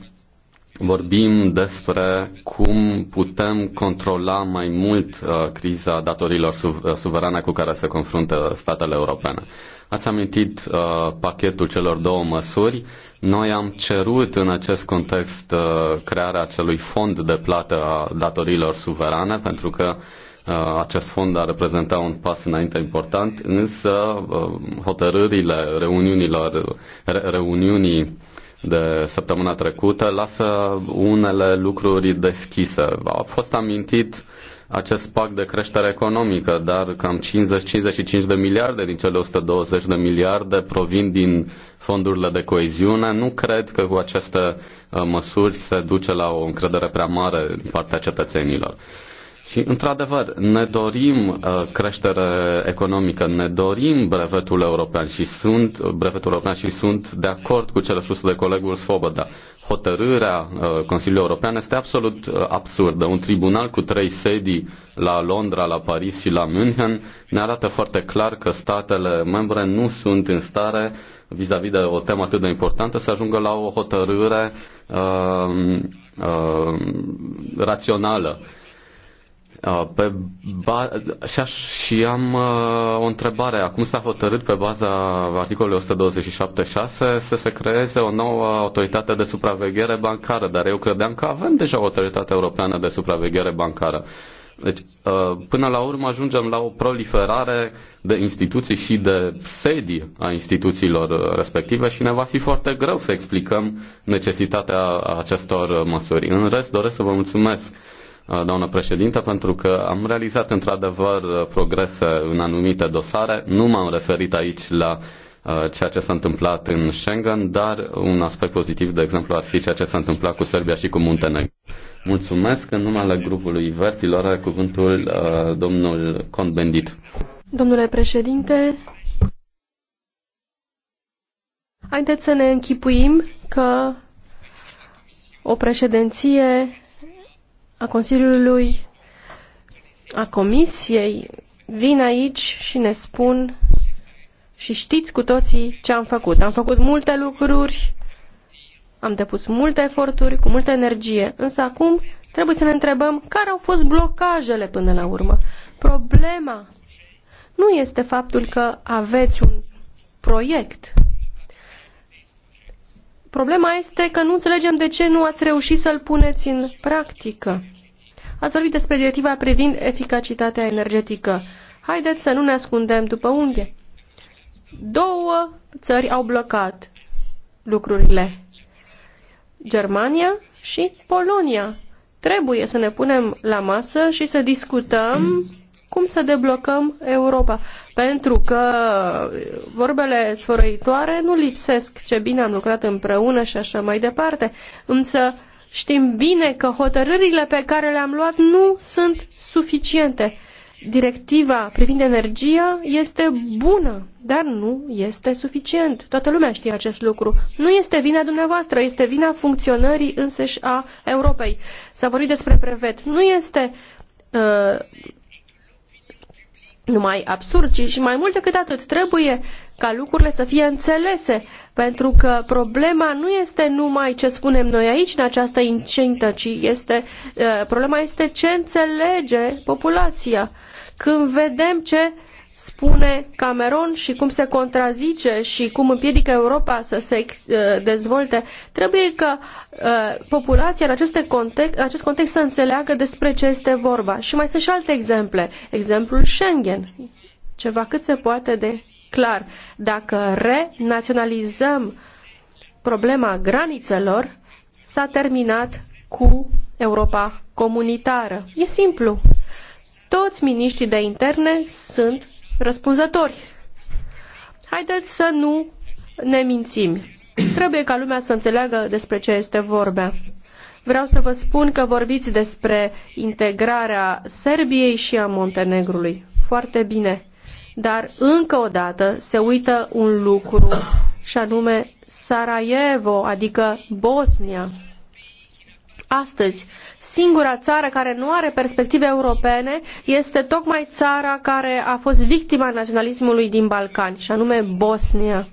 vorbim despre cum putem controla mai mult uh, criza datorilor su- uh, suverane cu care se confruntă statele europene. Ați amintit uh, pachetul celor două măsuri. Noi am cerut în acest context uh, crearea acelui fond de plată a datorilor suverane pentru că uh, acest fond a reprezenta un pas înainte important, însă uh, hotărârile reuniunilor, re- reuniunii de săptămâna trecută lasă unele lucruri deschise. A fost amintit acest pact de creștere economică, dar cam 50-55 de miliarde din cele 120 de miliarde provin din fondurile de coeziune. Nu cred că cu aceste uh, măsuri se duce la o încredere prea mare din partea cetățenilor. Și, într-adevăr, ne dorim uh, creștere economică, ne dorim brevetul european și sunt, uh, brevetul european și sunt de acord cu cele spuse de colegul Svoboda. Hotărârea uh, Consiliului European este absolut uh, absurdă. Un tribunal cu trei sedii la Londra, la Paris și la München ne arată foarte clar că statele membre nu sunt în stare vis-a-vis -vis de o temă atât de importantă, să ajungă la o hotărâre uh, uh, rațională. Uh, Uh, pe ba- și am uh, o întrebare. Acum s-a hotărât pe baza articolului 127.6 să se creeze o nouă autoritate de supraveghere bancară, dar eu credeam că avem deja o autoritate europeană de supraveghere bancară. Deci, uh, până la urmă ajungem la o proliferare de instituții și de sedii a instituțiilor respective și ne va fi foarte greu să explicăm necesitatea acestor măsuri. În rest, doresc să vă mulțumesc Uh, doamnă președinte, pentru că am realizat într-adevăr uh, progrese în anumite dosare. Nu m-am referit aici la uh, ceea ce s-a întâmplat în Schengen, dar un aspect pozitiv, de exemplu, ar fi ceea ce s-a întâmplat cu Serbia și cu Muntenegru. Mulțumesc. În numele grupului Verzilor, are cuvântul domnul Cont Bendit. Domnule președinte, haideți să ne închipuim că o președinție a Consiliului, a Comisiei vin aici și ne spun și știți cu toții ce am făcut. Am făcut multe lucruri, am depus multe eforturi, cu multă energie, însă acum trebuie să ne întrebăm care au fost blocajele până la urmă. Problema nu este faptul că aveți un proiect. Problema este că nu înțelegem de ce nu ați reușit să-l puneți în practică. Ați vorbit despre directiva privind eficacitatea energetică. Haideți să nu ne ascundem după unghie. Două țări au blocat lucrurile. Germania și Polonia. Trebuie să ne punem la masă și să discutăm cum să deblocăm Europa. Pentru că vorbele sfărăitoare nu lipsesc ce bine am lucrat împreună și așa mai departe. Însă știm bine că hotărârile pe care le-am luat nu sunt suficiente. Directiva privind energia este bună, dar nu este suficient. Toată lumea știe acest lucru. Nu este vina dumneavoastră, este vina funcționării însăși a Europei. S-a vorbit despre brevet. Nu este uh, numai absurd, ci și mai mult decât atât. Trebuie ca lucrurile să fie înțelese, pentru că problema nu este numai ce spunem noi aici în această incintă, ci este, eh, problema este ce înțelege populația. Când vedem ce spune Cameron și cum se contrazice și cum împiedică Europa să se uh, dezvolte, trebuie ca uh, populația în context, acest context să înțeleagă despre ce este vorba. Și mai sunt și alte exemple. Exemplul Schengen. Ceva cât se poate de clar. Dacă renaționalizăm problema granițelor, s-a terminat cu Europa comunitară. E simplu. Toți miniștrii de interne sunt răspunzători. Haideți să nu ne mințim. Trebuie ca lumea să înțeleagă despre ce este vorba. Vreau să vă spun că vorbiți despre integrarea Serbiei și a Montenegrului. Foarte bine. Dar încă o dată se uită un lucru și anume Sarajevo, adică Bosnia astăzi. Singura țară care nu are perspective europene este tocmai țara care a fost victima naționalismului din Balcani, și anume Bosnia.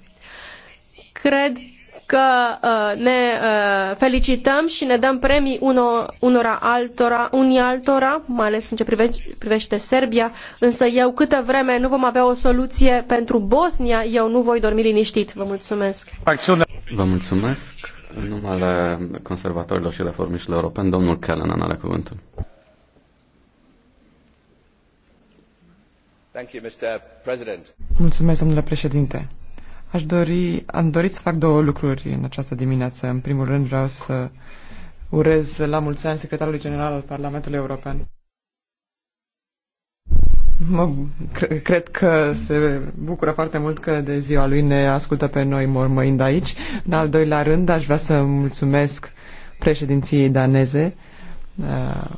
Cred că uh, ne uh, felicităm și ne dăm premii unor, unora altora, unii altora, mai ales în ce privește, privește Serbia, însă eu câtă vreme nu vom avea o soluție pentru Bosnia, eu nu voi dormi liniștit. Vă mulțumesc! Vă mulțumesc! În numele conservatorilor și reformiștilor europeni, domnul Callanan are cuvântul. Thank you, Mr. President. Mulțumesc, domnule președinte. Aș dori, am dorit să fac două lucruri în această dimineață. În primul rând vreau să urez la mulți ani secretarului general al Parlamentului European. Mă, cred că se bucură foarte mult că de ziua lui ne ascultă pe noi mormăind aici. În al doilea rând, aș vrea să mulțumesc președinției daneze, uh,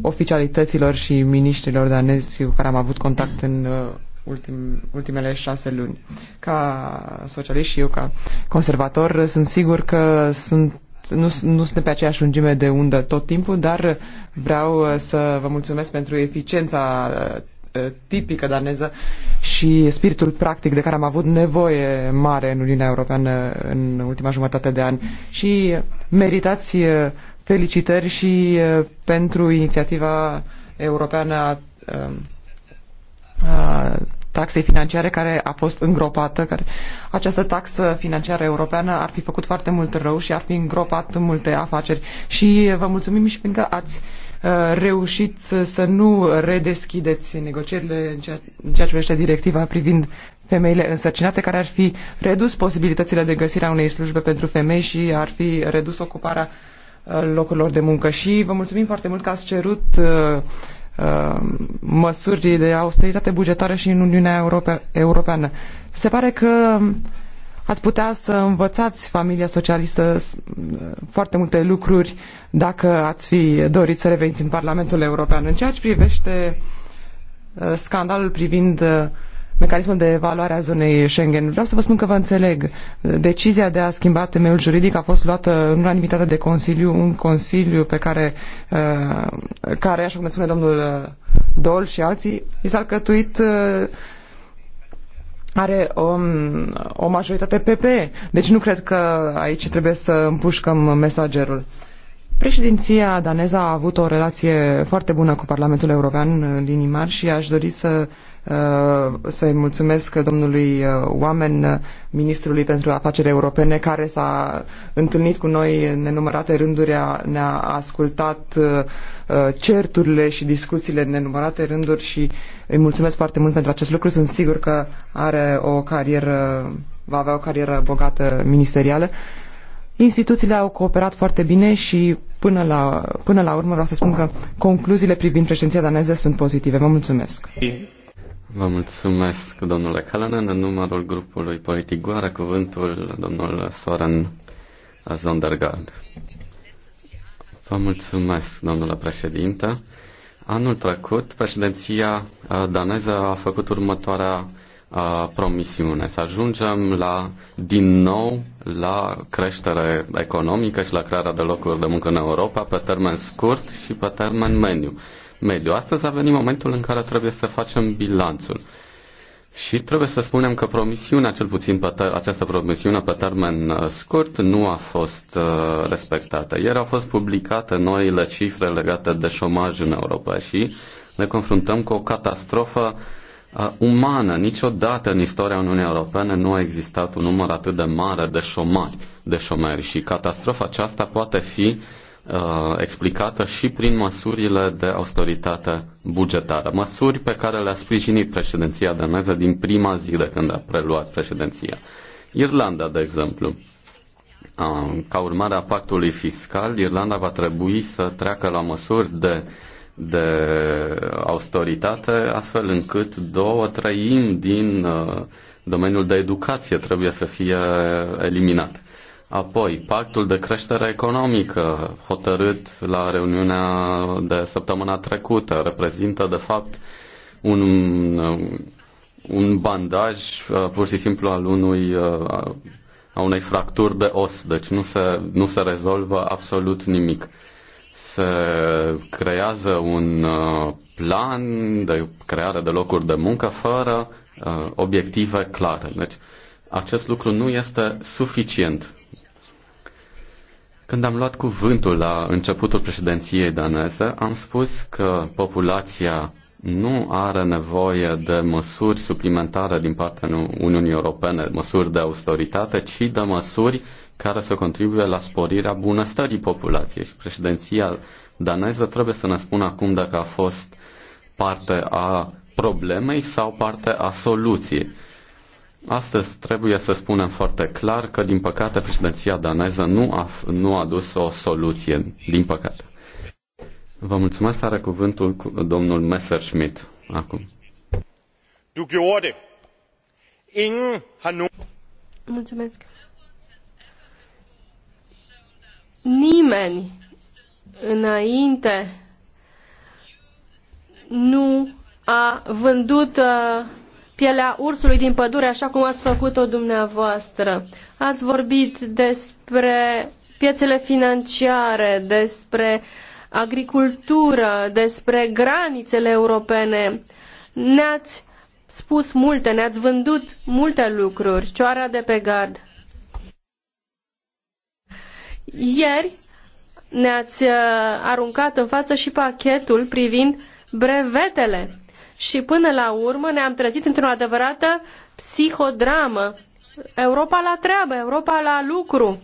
oficialităților și miniștrilor danezi cu care am avut contact în uh, ultim, ultimele șase luni. Ca socialist și eu, ca conservator, sunt sigur că sunt nu, nu sunt pe aceeași lungime de undă tot timpul, dar vreau uh, să vă mulțumesc pentru eficiența uh, Eh, tipică daneză și spiritul practic de care am avut nevoie mare în Uniunea Europeană în ultima jumătate de an. Și meritați eh, felicitări și eh, pentru inițiativa europeană a, a taxei financiare care a fost îngropată, care această taxă financiară europeană ar fi făcut foarte mult rău și ar fi îngropat multe afaceri. Și vă mulțumim și pentru că ați uh, Uh, reușit să nu redeschideți negocierile în ceea, în ceea ce privește directiva privind femeile însărcinate, care ar fi redus posibilitățile de găsire a unei slujbe pentru femei și ar fi redus ocuparea uh, locurilor de muncă. Și vă mulțumim foarte mult că ați cerut uh, măsuri de austeritate bugetară și în Uniunea Europeană. Se pare că Ați putea să învățați familia socialistă foarte multe lucruri dacă ați fi dorit să reveniți în Parlamentul European. În ceea ce privește uh, scandalul privind uh, mecanismul de evaluare a zonei Schengen. Vreau să vă spun că vă înțeleg. Decizia de a schimba temeiul juridic a fost luată în unanimitate de Consiliu, un Consiliu pe care, uh, care așa cum spune domnul Dol și alții, i s-a alcătuit are o, o majoritate PP. Deci nu cred că aici trebuie să împușcăm mesagerul. Președinția daneză a avut o relație foarte bună cu Parlamentul European în linii mari și aș dori să Uh, să-i mulțumesc domnului uh, Oamen, uh, ministrului pentru afaceri europene, care s-a întâlnit cu noi în nenumărate rânduri, ne-a ascultat certurile și discuțiile în nenumărate rânduri și îi mulțumesc foarte mult pentru acest lucru. Sunt sigur că are o carieră, va avea o carieră bogată ministerială. Instituțiile au cooperat foarte bine și până la, până la urmă vreau să spun că concluziile privind președinția daneză sunt pozitive. Vă mulțumesc! Vă mulțumesc, domnule Calanen, În numărul grupului politic Goara, cuvântul domnul Soren Zondergaard. Vă mulțumesc, domnule președinte. Anul trecut, președinția uh, daneză a făcut următoarea uh, promisiune, să ajungem la, din nou la creștere economică și la crearea de locuri de muncă în Europa pe termen scurt și pe termen mediu mediu. Astăzi a venit momentul în care trebuie să facem bilanțul. Și trebuie să spunem că promisiunea, cel puțin pe ter- această promisiune pe termen uh, scurt, nu a fost uh, respectată. Ieri au fost publicate noile cifre legate de șomaj în Europa și ne confruntăm cu o catastrofă uh, umană. Niciodată în istoria Uniunii Europene nu a existat un număr atât de mare de șomari, de șomeri și catastrofa aceasta poate fi uh, Uh, explicată și prin măsurile de austeritate bugetară, măsuri pe care le-a sprijinit președinția daneză din prima zi de când a preluat președinția. Irlanda, de exemplu. Uh, ca urmare a pactului fiscal, Irlanda va trebui să treacă la măsuri de, de austeritate, astfel încât două treimi din uh, domeniul de educație trebuie să fie eliminate. Apoi, pactul de creștere economică hotărât la reuniunea de săptămâna trecută reprezintă, de fapt, un, un bandaj uh, pur și simplu al unui, uh, a unei fracturi de os, deci nu se, nu se rezolvă absolut nimic. Se creează un uh, plan de creare de locuri de muncă fără obiective clare. Deci, acest lucru nu este suficient când am luat cuvântul la începutul președinției daneze, am spus că populația nu are nevoie de măsuri suplimentare din partea Uniunii Europene, măsuri de austeritate, ci de măsuri care să contribuie la sporirea bunăstării populației. Și președinția daneză trebuie să ne spună acum dacă a fost parte a problemei sau parte a soluției. Astăzi trebuie să spunem foarte clar că, din păcate, președinția daneză nu a, nu a dus o soluție, din păcate. Vă mulțumesc, are cuvântul cu domnul Messerschmidt acum. Du nu... Mulțumesc. Nimeni înainte nu a vândut uh, pielea ursului din pădure, așa cum ați făcut-o dumneavoastră. Ați vorbit despre piețele financiare, despre agricultură, despre granițele europene. Ne-ați spus multe, ne-ați vândut multe lucruri, cioara de pe gard. Ieri ne-ați uh, aruncat în față și pachetul privind brevetele și până la urmă ne-am trezit într-o adevărată psihodramă. Europa la treabă, Europa la lucru.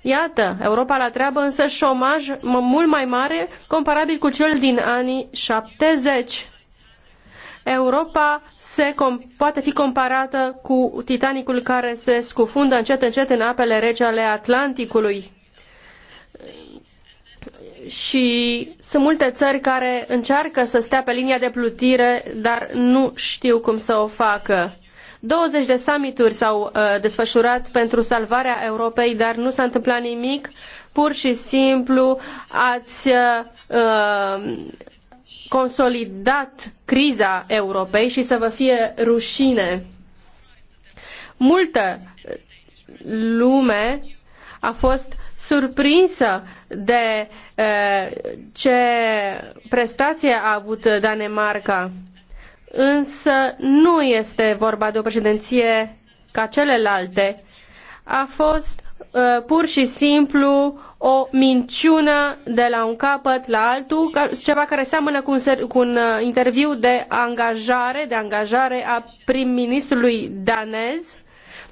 Iată, Europa la treabă, însă șomaj mult mai mare comparabil cu cel din anii 70. Europa se poate fi comparată cu Titanicul care se scufundă încet încet în apele rece ale Atlanticului și sunt multe țări care încearcă să stea pe linia de plutire, dar nu știu cum să o facă. 20 de summituri s-au uh, desfășurat pentru salvarea Europei, dar nu s-a întâmplat nimic. Pur și simplu ați uh, consolidat criza Europei și să vă fie rușine. Multă lume a fost surprinsă de ce prestație a avut Danemarca. Însă nu este vorba de o președinție ca celelalte. A fost pur și simplu o minciună de la un capăt la altul, ceva care seamănă cu un, cu un interviu de angajare, de angajare a prim-ministrului danez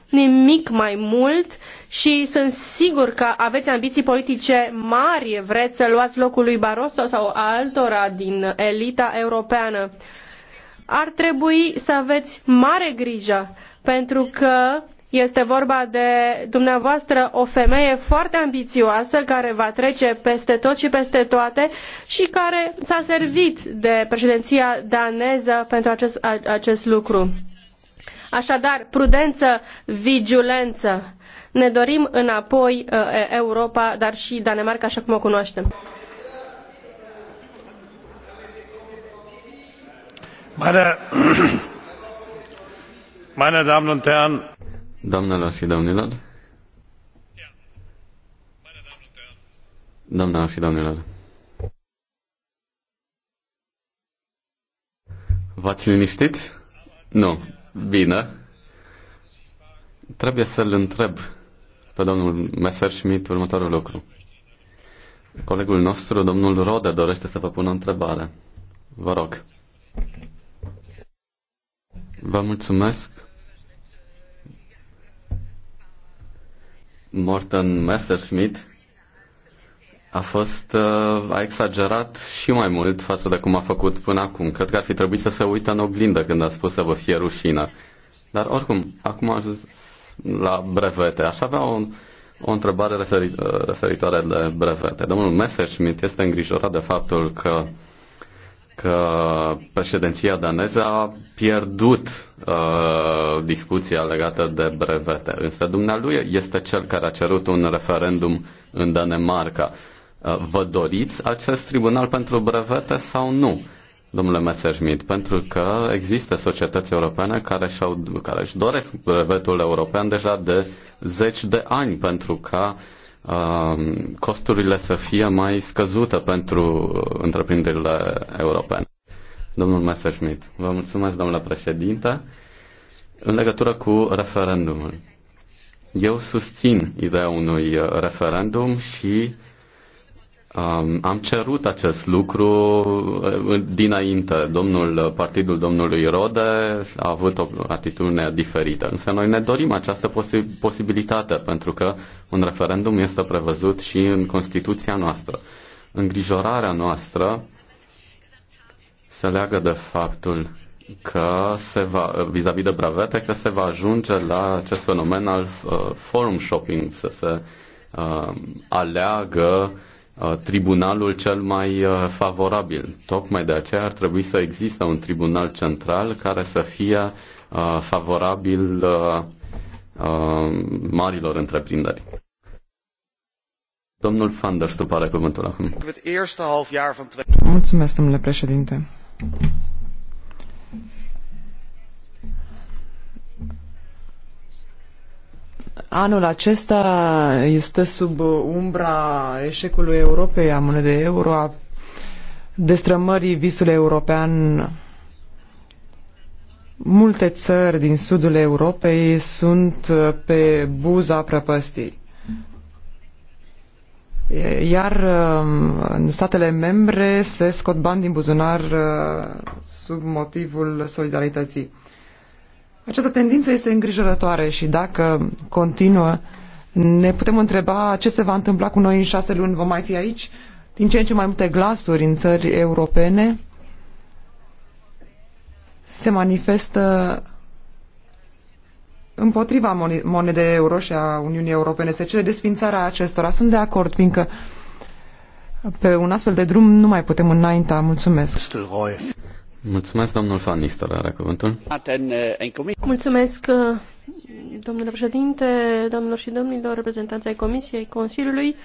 nimic mai mult și sunt sigur că aveți ambiții politice mari, vreți să luați locul lui Barroso sau altora din elita europeană. Ar trebui să aveți mare grijă, pentru că este vorba de dumneavoastră o femeie foarte ambițioasă care va trece peste tot și peste toate și care s-a servit de președinția daneză pentru acest, acest lucru. Așadar, prudență, vigilență. Ne dorim înapoi uh, Europa, dar și Danemarca așa cum o cunoaștem. Meine, (clears throat) meine Damen und Doamnelor și domnilor, Doamnelor și domnilor, v-ați liniștit? Nu bine, trebuie să-l întreb pe domnul Messerschmidt următorul lucru. Colegul nostru, domnul Rode, dorește să vă pună o întrebare. Vă rog. Vă mulțumesc. Morten Messerschmidt a fost uh, a exagerat și mai mult față de cum a făcut până acum. Cred că ar fi trebuit să se uită în oglindă când a spus să vă fie rușină. Dar oricum, acum a ajuns la brevete. Aș avea o, o întrebare referi, uh, referitoare de brevete. Domnul Messerschmidt este îngrijorat de faptul că că președinția daneză a pierdut uh, discuția legată de brevete. Însă dumnealui este cel care a cerut un referendum în Danemarca. Uh, vă doriți acest tribunal pentru brevete sau nu? domnule Messerschmidt, pentru că există societăți europene care, și-au, care își doresc brevetul european deja de zeci de ani pentru ca uh, costurile să fie mai scăzute pentru întreprinderile europene. Domnul Messerschmidt, vă mulțumesc, domnule președinte. În legătură cu referendumul, eu susțin ideea unui referendum și Um, am cerut acest lucru uh, dinainte. Domnul, uh, partidul domnului Rode a avut o atitudine diferită. Însă noi ne dorim această posi- posibilitate pentru că un referendum este prevăzut și în Constituția noastră. Îngrijorarea noastră se leagă de faptul că se va, vis-a-vis -vis de bravete, că se va ajunge la acest fenomen al uh, forum shopping, să se uh, aleagă uh, Uh, tribunalul cel mai uh, favorabil. Tocmai de aceea ar trebui să existe un tribunal central care să fie uh, favorabil marilor întreprinderi. Domnul Fanders, tu pare cuvântul acum. Mulțumesc, domnule președinte. Anul acesta este sub umbra eșecului Europei a monedei euro, a destrămării visului european. Multe țări din sudul Europei sunt pe buza prăpăstii. Iar um, în statele membre se scot bani din buzunar uh, sub motivul solidarității. Această tendință este îngrijorătoare și dacă continuă, ne putem întreba ce se va întâmpla cu noi în șase luni. Vom mai fi aici din ce în ce mai multe glasuri în țări europene. Se manifestă împotriva monedei euro și a Uniunii Europene. Se cere desfințarea acestora. Sunt de acord, fiindcă pe un astfel de drum nu mai putem înainta. Mulțumesc. Mulțumesc, domnul Fanister, are cuvântul. Mulțumesc, domnule președinte, domnilor și domnilor, reprezentanți ai Comisiei, Consiliului.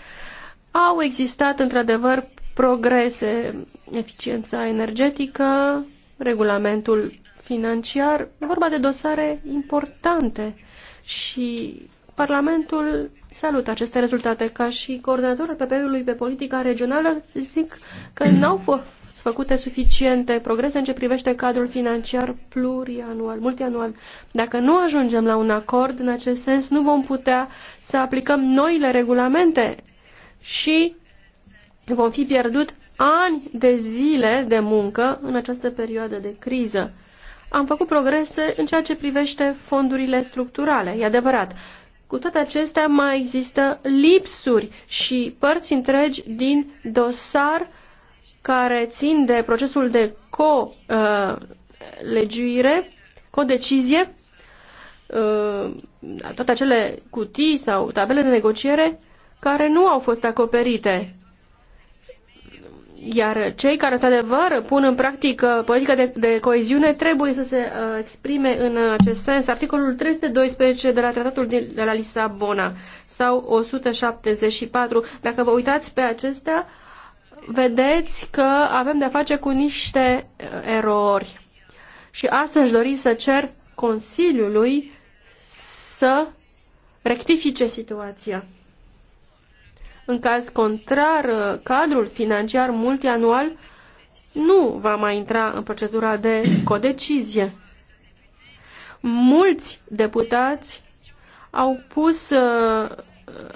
Au existat, într-adevăr, progrese, eficiența energetică, regulamentul financiar, vorba de dosare importante și Parlamentul salută aceste rezultate. Ca și coordonatorul PP-ului pe politica regională, zic că n-au fost făcute suficiente progrese în ce privește cadrul financiar plurianual, multianual. Dacă nu ajungem la un acord în acest sens, nu vom putea să aplicăm noile regulamente și vom fi pierdut ani de zile de muncă în această perioadă de criză. Am făcut progrese în ceea ce privește fondurile structurale, e adevărat. Cu toate acestea mai există lipsuri și părți întregi din dosar uh, care țin de procesul de co-legiuire, co-decizie, uh, toate acele cutii sau tabele de negociere care nu au fost acoperite. Iar cei care, într-adevăr, pun în practică politica de, de coeziune trebuie să se uh, exprime în acest sens. Articolul 312 de la Tratatul de, de la Lisabona sau 174. Dacă vă uitați pe acestea, uh, vedeți că avem de-a face cu niște uh, erori. Și astăzi dori să cer Consiliului să rectifice situația. În caz contrar, uh, cadrul financiar multianual nu va mai intra în procedura de codecizie. Mulți deputați au pus uh,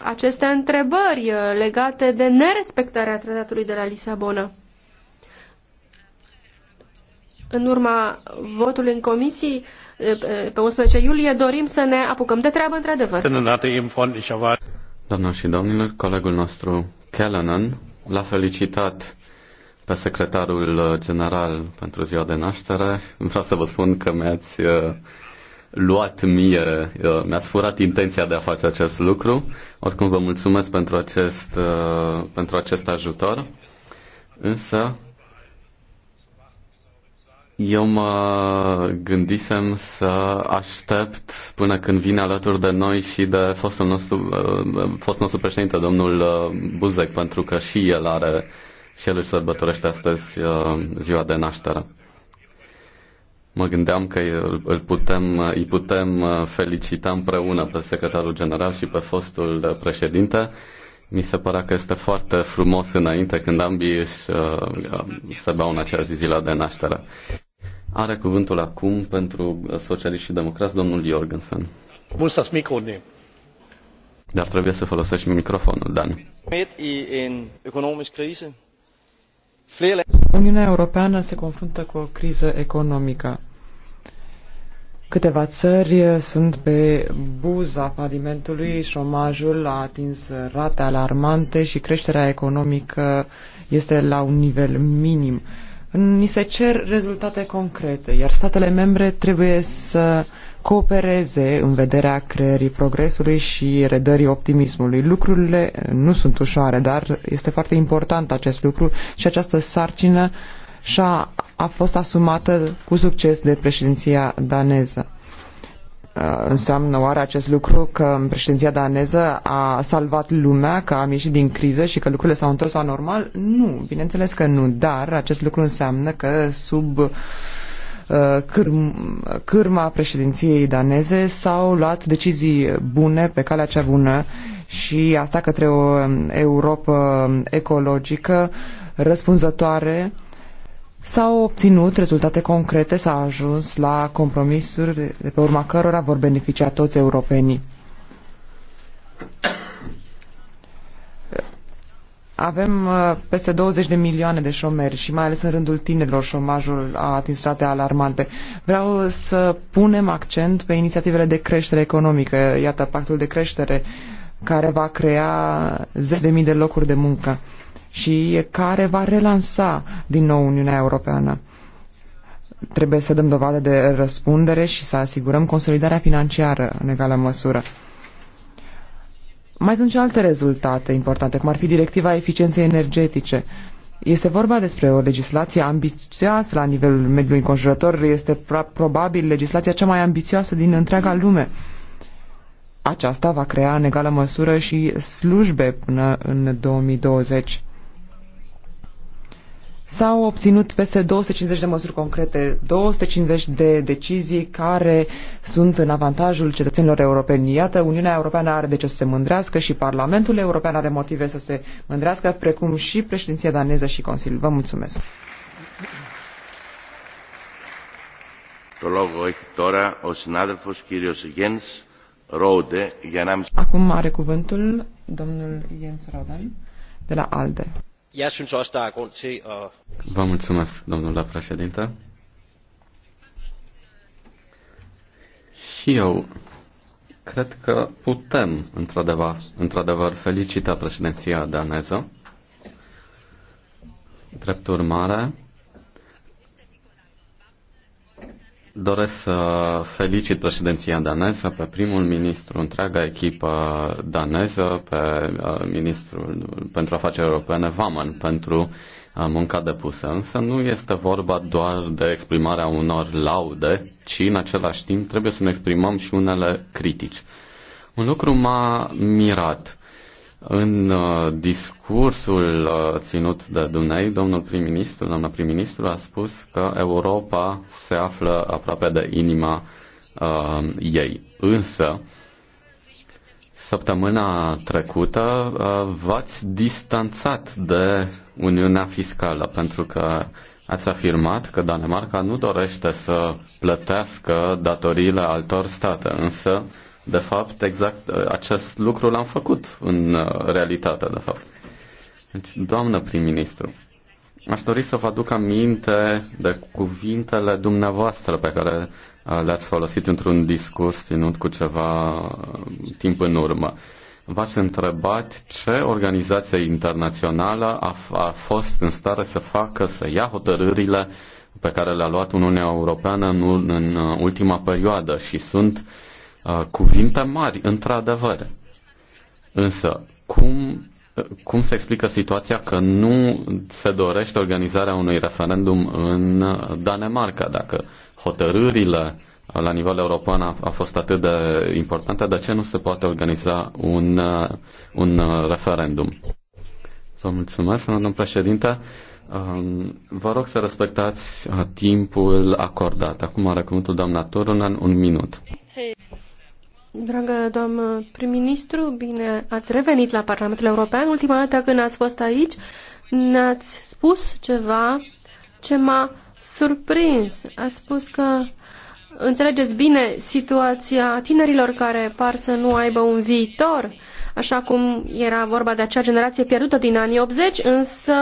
aceste întrebări uh, legate de nerespectarea tratatului de la Lisabona. În urma votului în comisii uh, uh, pe 11 iulie dorim să ne apucăm de treabă într-adevăr. Doamnelor și domnilor, colegul nostru Kellenan, l-a felicitat pe secretarul general pentru ziua de naștere. Vreau să vă spun că mi-ați luat mie, uh, mi-ați furat intenția de a face acest lucru. Oricum vă mulțumesc pentru acest, uh, pentru acest ajutor. Însă eu mă gândisem să aștept până când vine alături de noi și de fostul nostru, uh, fostul nostru președinte, domnul Buzek, pentru că și el are și el își sărbătorește astăzi ziua de naștere. Mă gândeam că îl putem, îi putem uh, felicita împreună pe secretarul general și pe fostul uh, președinte. Mi se părea că este foarte frumos înainte când ambii își, uh, uh se beau în acea zi zila de naștere. Are cuvântul acum pentru socialiști și democrați domnul Jorgensen. Musas microfonim. Dar trebuie să folosești microfonul, Dan. Uniunea Europeană se confruntă cu o criză economică. Câteva țări sunt pe buza falimentului, șomajul a atins rate alarmante și creșterea economică este la un nivel minim. Ni se cer rezultate concrete, iar statele membre trebuie să coopereze în vederea creării progresului și redării optimismului. Lucrurile nu sunt ușoare, dar este foarte important acest lucru și această sarcină uh, și-a a fost asumată cu succes de președinția daneză. Înseamnă oare acest lucru că președinția daneză a salvat lumea, că am ieșit din criză și că lucrurile s-au întors la normal? Nu, bineînțeles că nu, dar acest lucru înseamnă că sub uh, cârma președinției daneze s-au luat decizii bune pe calea cea bună și asta către o Europa ecologică, răspunzătoare S-au obținut rezultate concrete, s-a ajuns la compromisuri de pe urma cărora vor beneficia toți europenii. Avem uh, peste 20 de milioane de șomeri și mai ales în rândul tinerilor șomajul a atins rate alarmante. Vreau să punem accent pe inițiativele de creștere economică, iată pactul de creștere care va crea 10.000 de locuri de muncă și care va relansa din nou Uniunea Europeană. Trebuie să dăm dovadă de răspundere și să asigurăm consolidarea financiară în egală măsură. Mai sunt și alte rezultate importante, cum ar fi directiva eficienței energetice. Este vorba despre o legislație ambițioasă la nivelul mediului înconjurător, este probabil legislația cea mai ambițioasă din întreaga lume. Aceasta va crea în egală măsură și slujbe până în 2020. S-au obținut peste 250 de măsuri concrete, 250 de decizii care sunt în avantajul cetățenilor europeni. Iată, Uniunea Europeană are de ce să se mândrească și Parlamentul European are motive să se mândrească, precum și președinția daneză și Consiliul. Vă mulțumesc! Acum are cuvântul domnul Jens Rodan de la ALDE. Jeg synes også, der er grund til at... Vă mulțumesc, domnule președinte. Și eu cred că putem, într-adevăr, într-adevăr felicita președinția daneză. Drept urmare, Doresc să felicit președinția daneză, pe primul ministru, întreaga echipă daneză, pe uh, ministrul pentru afaceri europene, Vaman, pentru uh, munca depusă. Însă nu este vorba doar de exprimarea unor laude, ci în același timp trebuie să ne exprimăm și unele critici. Un lucru m-a mirat. În uh, discursul uh, ținut de Dunei, domnul prim-ministru, doamna prim-ministru a spus că Europa se află aproape de inima uh, ei. Însă, săptămâna trecută uh, v-ați distanțat de Uniunea Fiscală pentru că ați afirmat că Danemarca nu dorește să plătească datoriile altor state, însă uh, de fapt, exact acest lucru l-am făcut în uh, realitate, de fapt. Deci, doamnă prim-ministru, aș dori să vă aduc aminte de cuvintele dumneavoastră pe care uh, le-ați folosit într-un discurs ținut cu ceva uh, timp în urmă. V-ați întrebat ce organizație internațională a, a fost în stare să facă, să ia hotărârile pe care le-a luat Uniunea Europeană în, în ultima perioadă și sunt uh, Uh, cuvinte mari, într-adevăr. Însă, cum, cum se explică situația că nu se dorește organizarea unui referendum în Danemarca? Dacă hotărârile la nivel european a, a fost atât de importante, de ce nu se poate organiza un, uh, un uh, referendum? Vă mulțumesc, domnul președinte. Um, vă rog să respectați timpul acordat. Acum are cuvântul doamna Turunen, un minut. Dragă doamnă prim-ministru, bine ați revenit la Parlamentul European. Ultima dată când ați fost aici, ne-ați spus ceva ce m-a surprins. Ați spus că înțelegeți bine situația tinerilor care par să nu aibă un viitor, așa cum era vorba de acea generație pierdută din anii 80, însă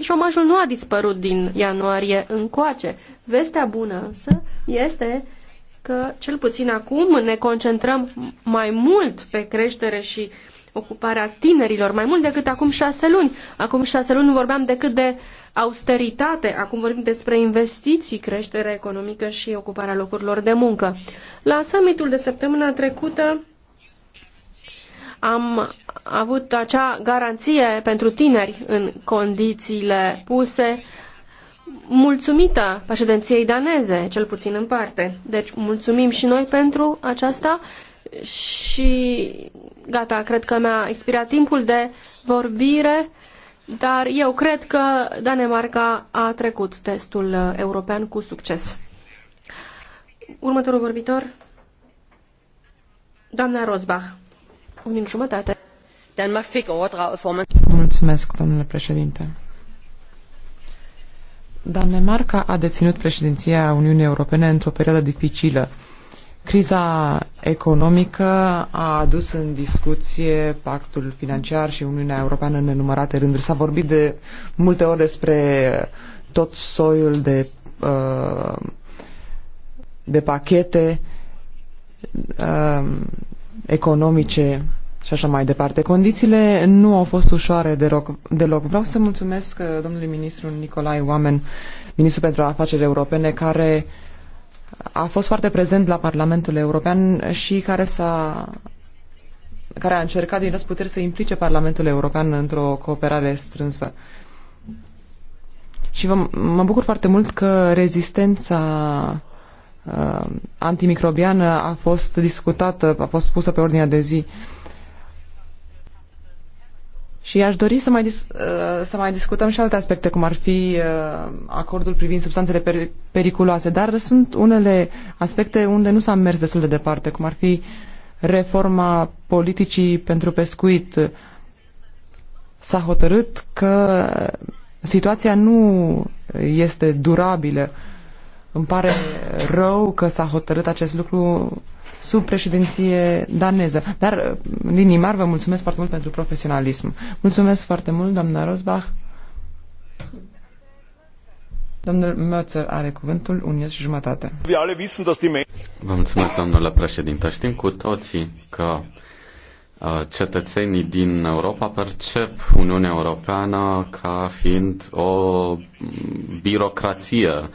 șomajul nu a dispărut din ianuarie încoace. Vestea bună însă este că, cel puțin acum, ne concentrăm mai mult pe creștere și ocuparea tinerilor, mai mult decât acum șase luni. Acum șase luni nu vorbeam decât de austeritate, acum vorbim despre investiții, creștere economică și ocuparea locurilor de muncă. La summitul de săptămâna trecută am avut acea garanție pentru tineri în condițiile puse mulțumită președinției daneze, cel puțin în parte. Deci mulțumim și noi pentru aceasta și gata, cred că mi-a expirat timpul de vorbire, dar eu cred că Danemarca a trecut testul european cu succes. Următorul vorbitor, doamna Rosbach. Un minut jumătate. Danmark fik overdraget formand. Mulțumesc, domnule președinte. Danemarca a deținut președinția Uniunii Europene într-o perioadă dificilă. Criza economică a adus în discuție pactul financiar și Uniunea Europeană în nenumărate rânduri. S-a vorbit de multe ori despre tot soiul de, uh, de pachete uh, economice și așa mai departe. Condițiile nu au fost ușoare deloc. deloc. Vreau să mulțumesc uh, domnului ministru Nicolae Oamen, ministru pentru afaceri europene, care a fost foarte prezent la Parlamentul European și care s-a care a încercat din răsputeri să implice Parlamentul European într-o cooperare strânsă. Și vă, mă bucur foarte mult că rezistența uh, antimicrobiană a fost discutată, a fost pusă pe ordinea de zi uh, și aș dori să mai, dis- uh, să mai discutăm și alte aspecte, cum ar fi uh, acordul privind substanțele per- periculoase, dar sunt unele aspecte unde nu s-a mers destul de departe, cum ar fi reforma politicii pentru pescuit. S-a hotărât că situația nu este durabilă îmi pare rău că s-a hotărât acest lucru sub președinție daneză. Dar, linii mari, vă mulțumesc foarte mult pentru profesionalism. Mulțumesc foarte mult, doamna Rosbach. Domnul Mölzer are cuvântul, unie și jumătate. Vă mulțumesc, domnule președinte. Știm cu toții că uh, cetățenii din Europa percep Uniunea Europeană ca fiind o birocrație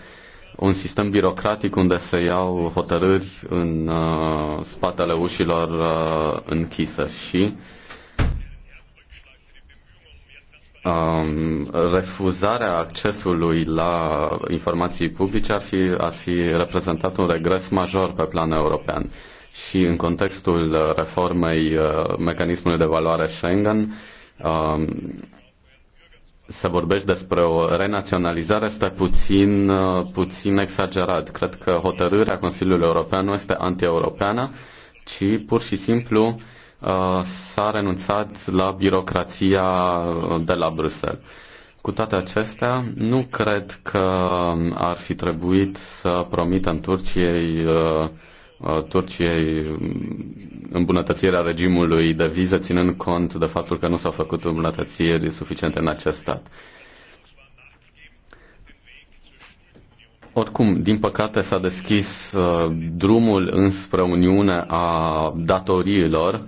un sistem birocratic unde se iau hotărâri în uh, spatele ușilor uh, închise și um, refuzarea accesului la informații publice ar fi, ar fi reprezentat un regres major pe plan european. Și în contextul reformei uh, mecanismului de valoare Schengen, um, să vorbești despre o renaționalizare este puțin, uh, puțin exagerat. Cred că hotărârea Consiliului European nu este anti-europeană, ci pur și simplu uh, s-a renunțat la birocrația de la Bruxelles. Cu toate acestea, nu cred că ar fi trebuit să în Turciei uh, Uh, Turciei mm, îmbunătățirea regimului de viză, ținând cont de faptul că nu s-au făcut îmbunătățiri suficiente în acest stat. Oricum, din păcate s-a deschis uh, drumul înspre Uniunea a datoriilor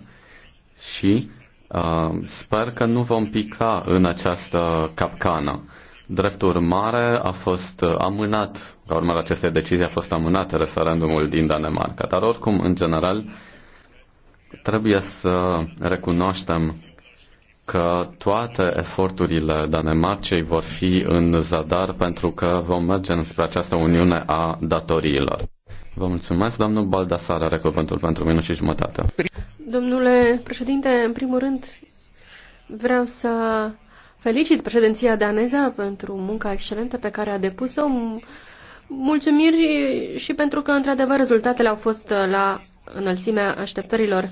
și uh, sper că nu vom pica în această capcană. Drept urmare, a fost uh, amânat, ca urmare acestei decizii a fost amânat referendumul din Danemarca. Dar oricum, în general, trebuie să recunoaștem că toate eforturile Danemarcei vor fi în zadar pentru că vom merge înspre această uniune a datoriilor. Vă mulțumesc, domnul Baldasar are cuvântul pentru minut și jumătate. Domnule președinte, în primul rând vreau să Felicit președinția daneză pentru munca excelentă pe care a depus-o. Mulțumiri și pentru că, într-adevăr, rezultatele au fost uh, la înălțimea așteptărilor.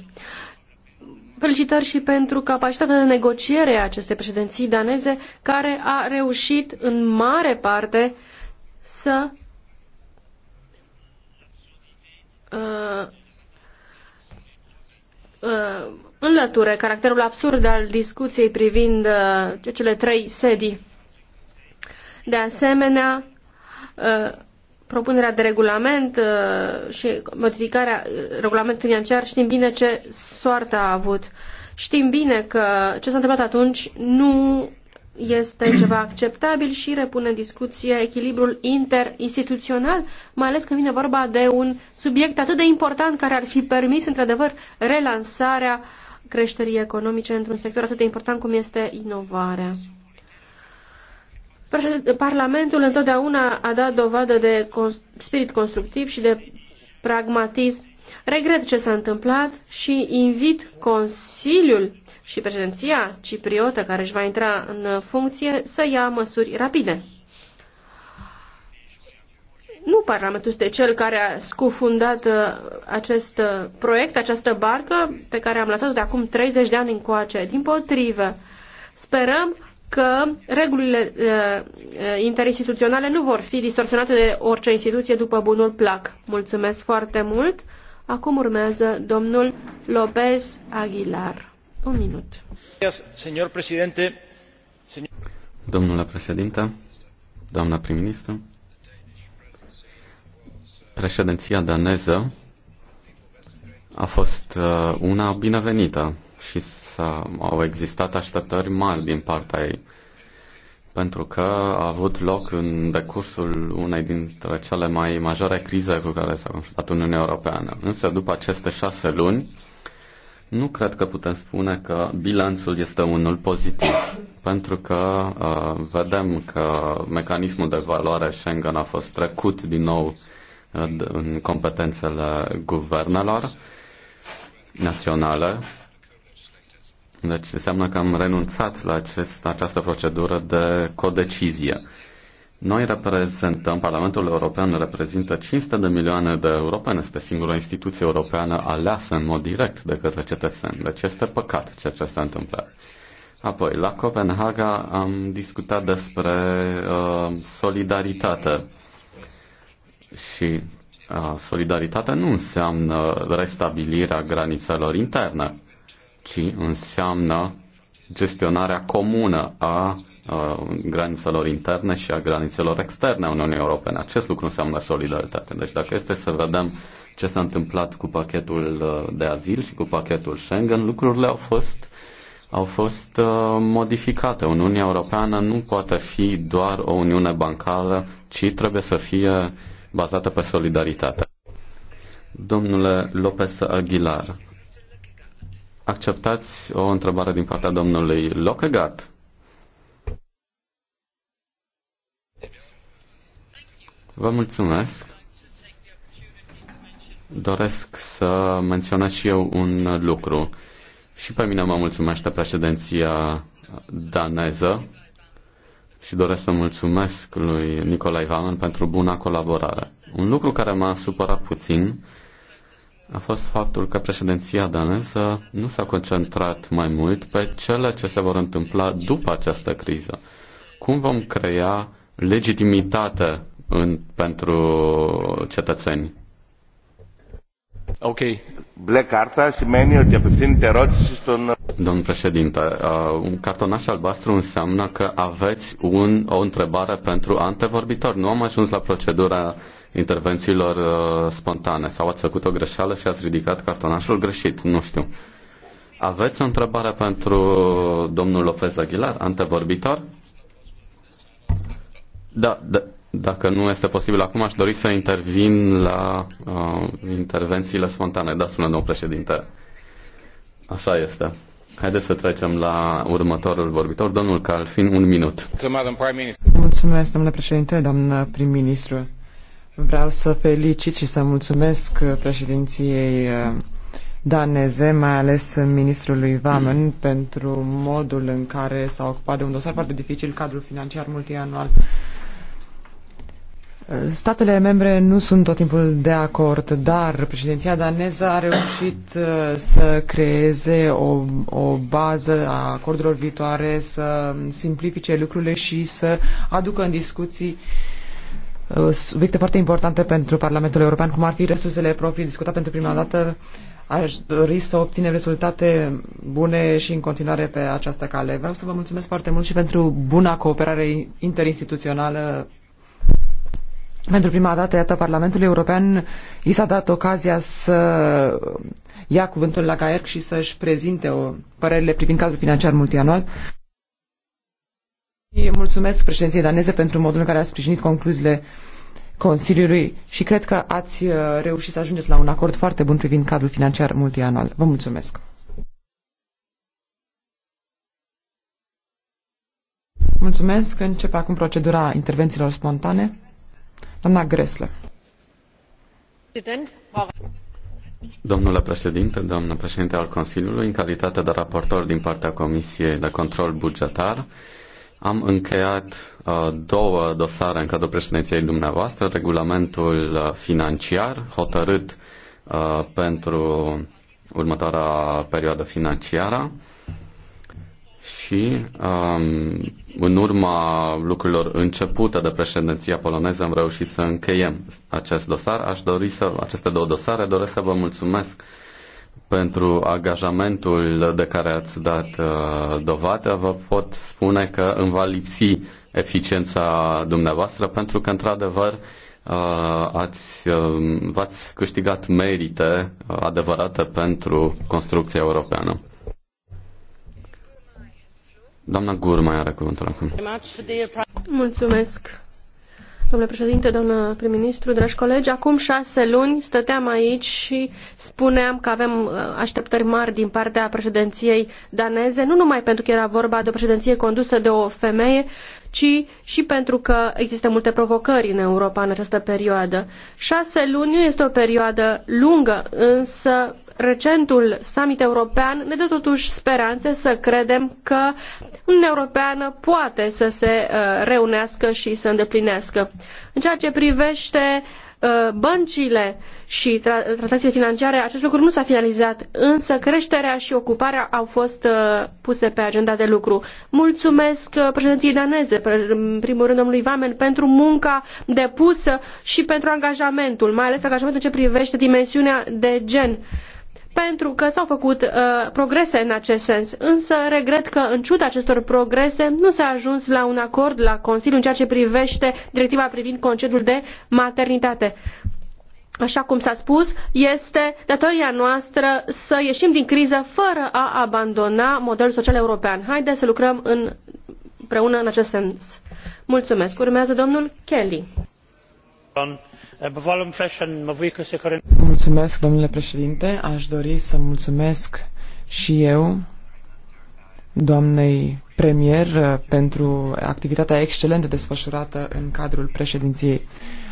Felicitări și pentru capacitatea de negociere a acestei președinții daneze, care a reușit în mare parte să uh, uh, înlăture caracterul absurd al discuției privind uh, cele trei sedii. De asemenea, uh, propunerea de regulament uh, și modificarea uh, regulamentului financiar, știm bine ce soartă a avut. Știm bine că ce s-a întâmplat atunci nu este ceva acceptabil și repune în discuție echilibrul interinstituțional, mai ales când vine vorba de un subiect atât de important care ar fi permis, într-adevăr, relansarea uh, creșterii economice într-un sector atât de important cum este inovarea. Parlamentul întotdeauna a dat dovadă de spirit constructiv și de pragmatism. Regret ce s-a întâmplat și invit Consiliul și președinția cipriotă care își va intra în funcție să ia măsuri rapide. Nu Parlamentul este cel care a scufundat uh, acest uh, proiect, această barcă pe care am lăsat-o de acum 30 de ani încoace. Din potrivă, sperăm că regulile uh, uh, interinstituționale nu vor fi distorsionate de orice instituție după bunul plac. Mulțumesc foarte mult. Acum urmează domnul López Aguilar. Un minut. Domnule președinte, doamna prim-ministru, Președinția daneză a fost uh, una binevenită și s-a, au existat așteptări mari din partea ei, pentru că a avut loc în decursul unei dintre cele mai majore crize cu care s-a confruntat Uniunea Europeană. Însă, după aceste șase luni, nu cred că putem spune că bilanțul este unul pozitiv, pentru că uh, vedem că mecanismul de valoare Schengen a fost trecut din nou în competențele guvernelor naționale. Deci înseamnă că am renunțat la, acest, la această procedură de codecizie. Noi reprezentăm, Parlamentul European reprezintă 500 de milioane de europeni, este singura instituție europeană aleasă în mod direct de către cetățeni. Deci este păcat ceea ce s-a întâmplat. Apoi, la Copenhaga am discutat despre uh, solidaritate și solidaritatea nu înseamnă restabilirea granițelor interne, ci înseamnă gestionarea comună a granițelor interne și a granițelor externe a Uniunii Europene. Acest lucru înseamnă solidaritate. Deci dacă este să vedem ce s-a întâmplat cu pachetul de azil și cu pachetul Schengen, lucrurile au fost au fost modificate. Uniunea Europeană nu poate fi doar o uniune bancară, ci trebuie să fie bazată pe solidaritate. Domnule Lopez Aguilar, acceptați o întrebare din partea domnului Lockegaard? Vă mulțumesc. Doresc să menționez și eu un lucru. Și pe mine mă mulțumește președinția daneză și doresc să mulțumesc lui Nicolae Vaman pentru buna colaborare. Un lucru care m-a supărat puțin a fost faptul că președinția daneză nu s-a concentrat mai mult pe cele ce se vor întâmpla după această criză. Cum vom crea legitimitate în, pentru cetățeni? Domnul președinte, uh, un cartonaș albastru înseamnă că aveți un, o întrebare pentru antevorbitor. Nu am ajuns la procedura intervențiilor uh, spontane sau ați făcut o greșeală și ați ridicat cartonașul greșit, nu știu. Aveți o întrebare pentru uh, domnul Lopez Aguilar, antevorbitor? Da, da, dacă nu este posibil acum, aș dori să intervin la uh, intervențiile spontane. Da, sună domnul președinte. Așa este. Haideți să trecem la următorul vorbitor, domnul Calfin, un minut. Mulțumesc, domnule președinte, doamnă prim-ministru. Vreau să felicit și să mulțumesc președinției uh, daneze, mai ales ministrului Vamen, pentru modul în care s-a ocupat de un dosar foarte dificil, cadrul financiar multianual Statele membre nu sunt tot timpul de acord, dar președinția daneză a reușit uh, să creeze o, o bază a acordurilor viitoare, să simplifice lucrurile și să aducă în discuții uh, subiecte foarte importante pentru Parlamentul European, cum ar fi resursele proprii discutate pentru prima dată. Aș dori să obținem rezultate bune și în continuare pe această cale. Vreau să vă mulțumesc foarte mult și pentru buna cooperare interinstituțională pentru prima dată, iată, Parlamentul European i s-a dat ocazia să ia cuvântul la GAERC și să-și prezinte o, părerile privind cadrul financiar multianual. Mulțumesc președinției daneze pentru modul în care a sprijinit concluziile Consiliului și cred că ați uh, reușit să ajungeți la un acord foarte bun privind cadrul financiar multianual. Vă mulțumesc! Mulțumesc. Începe acum procedura intervențiilor spontane doamnă președintă Domnule președinte, doamnă președinte al Consiliului, în calitate de raportor din partea Comisiei de Control Bugetar, am încheiat uh, două dosare în cadrul președinției dumneavoastră, regulamentul uh, financiar hotărât uh, pentru următoarea perioadă financiară și um, în urma lucrurilor începute de președinția poloneză am reușit să încheiem acest dosar. Aș dori să, aceste două dosare, doresc să vă mulțumesc pentru angajamentul de care ați dat uh, dovadă. Vă pot spune că îmi va lipsi eficiența dumneavoastră pentru că, într-adevăr, uh, ați, uh, v-ați câștigat merite uh, adevărate pentru construcția europeană. Doamna Gur mai are cuvântul acum. Mulțumesc. Domnule președinte, domnule prim-ministru, dragi colegi, acum șase luni stăteam aici și spuneam că avem uh, așteptări mari din partea președinției daneze, nu numai pentru că era vorba de o președinție condusă de o femeie, ci și pentru că există multe provocări în Europa în această perioadă. Șase luni nu este o perioadă lungă, însă recentul summit european ne dă totuși speranțe să credem că Uniunea Europeană poate să se uh, reunească și să îndeplinească. În ceea ce privește uh, băncile și tranzacțiile financiare, acest lucru nu s-a finalizat, însă creșterea și ocuparea au fost uh, puse pe agenda de lucru. Mulțumesc președinției daneze, în primul rând domnului Vamen, pentru munca depusă și pentru angajamentul, mai ales angajamentul ce privește dimensiunea de gen pentru că s-au făcut uh, progrese în acest sens. Însă regret că, în ciuda acestor progrese, nu s-a ajuns la un acord la Consiliu în ceea ce privește directiva privind concediul de maternitate. Așa cum s-a spus, este datoria noastră să ieșim din criză fără a abandona modelul social european. Haideți să lucrăm în, împreună în acest sens. Mulțumesc. Urmează domnul Kelly. Mulțumesc, domnule președinte. Aș dori să mulțumesc și eu doamnei premier uh, pentru activitatea excelentă desfășurată în cadrul președinției.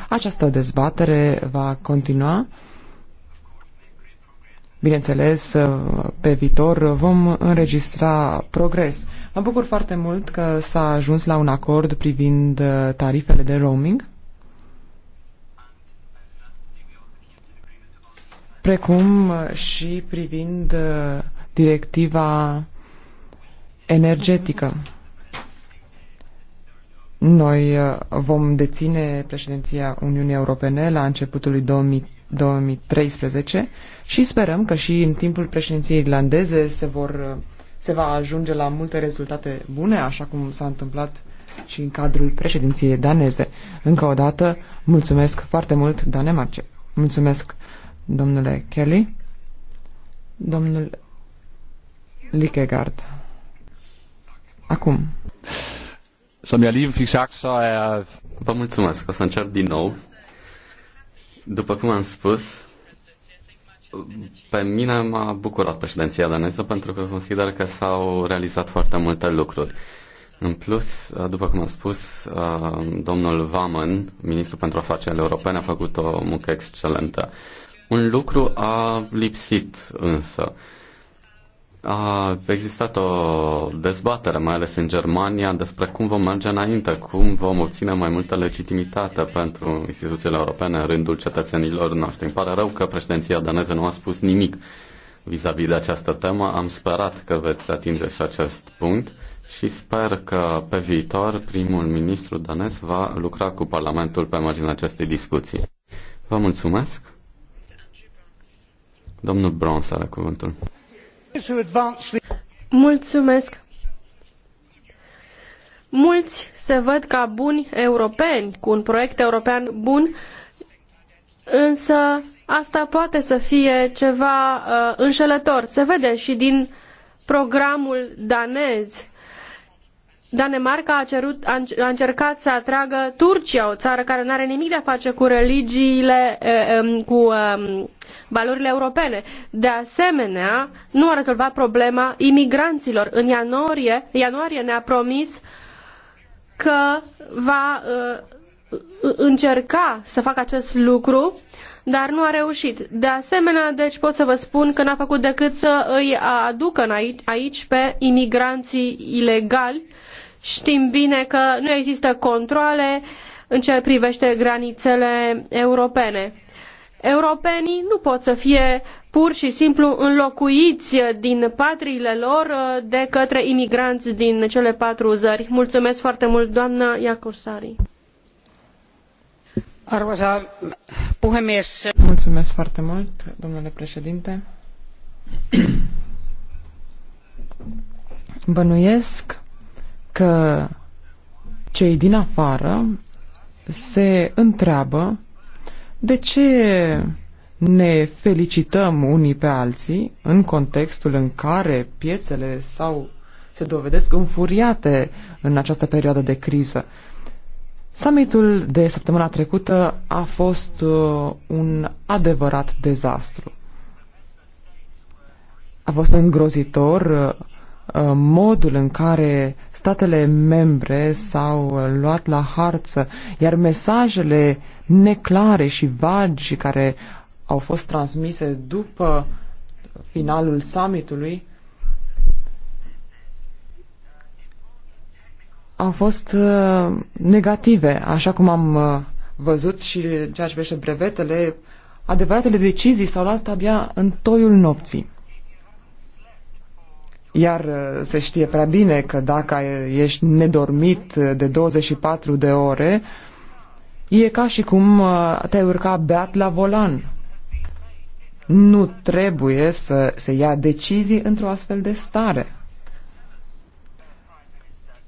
Această dezbatere va continua. Bineînțeles, uh, pe viitor vom înregistra progres. Mă bucur foarte mult că s-a ajuns la un acord privind uh, tarifele de roaming precum uh, și privind uh, directiva energetică. Noi uh, vom deține președinția Uniunii Europene la începutul lui 2013 și sperăm că și în timpul președinției irlandeze se, vor, se va ajunge la multe rezultate bune, așa cum s-a întâmplat și în cadrul președinției daneze. Încă o dată, mulțumesc foarte mult Danemarce. Mulțumesc domnule Kelly. Domnul Likegaard. Acum. Să-mi lige fik sagt, să er- Vă mulțumesc, o să încerc din nou. După cum am spus, pe mine m-a bucurat președinția daneză pentru că consider că s-au realizat foarte multe lucruri. În plus, după cum am spus, uh, domnul Vaman, ministru pentru afacerile europene, a făcut o muncă excelentă. Un lucru a lipsit însă. A existat o dezbatere, mai ales în Germania, despre cum vom merge înainte, cum vom obține mai multă legitimitate pentru instituțiile europene în rândul cetățenilor noștri. Îmi pare rău că președinția daneză nu a spus nimic vis-a-vis -vis de această temă. Am sperat că veți atinge și acest punct și sper că pe viitor primul ministru danez va lucra cu Parlamentul pe marginea acestei discuții. Vă mulțumesc! Domnul Brons are cuvântul. Mulțumesc. Mulți se văd ca buni europeni, cu un proiect european bun, însă asta poate să fie ceva uh, înșelător. Se vede și din programul danez Danemarca a, cerut, a încercat să atragă Turcia, o țară care nu are nimic de a face cu religiile, cu valorile europene. De asemenea, nu a rezolvat problema imigranților. În ianuarie, ianuarie ne-a promis că va încerca să facă acest lucru dar nu a reușit. De asemenea, deci pot să vă spun că n-a făcut decât să îi aducă aici pe imigranții ilegali. Știm bine că nu există controle în ceea ce privește granițele europene. Europenii nu pot să fie pur și simplu înlocuiți din patriile lor uh, de către imigranți din cele patru țări. Mulțumesc foarte mult, doamna Iacosari. Arvoisa puhemies. Mulțumesc foarte mult, domnule președinte. Bănuiesc că cei din afară se întreabă de ce ne felicităm unii pe alții în contextul în care piețele sau se dovedesc înfuriate în această perioadă de criză. Summitul de săptămâna trecută a fost uh, un adevărat dezastru. A fost îngrozitor uh, uh modul în care statele membre s-au uh, luat la harță, iar mesajele neclare și vagi care au fost transmise după finalul summitului au fost uh, negative, așa cum am uh, văzut și ceea ce privește brevetele, adevăratele decizii s-au luat abia în toiul nopții. Iar uh, se știe prea bine că dacă ești nedormit de 24 de ore, e ca și cum te-ai urca beat la volan. Nu trebuie să se ia decizii într-o astfel de stare.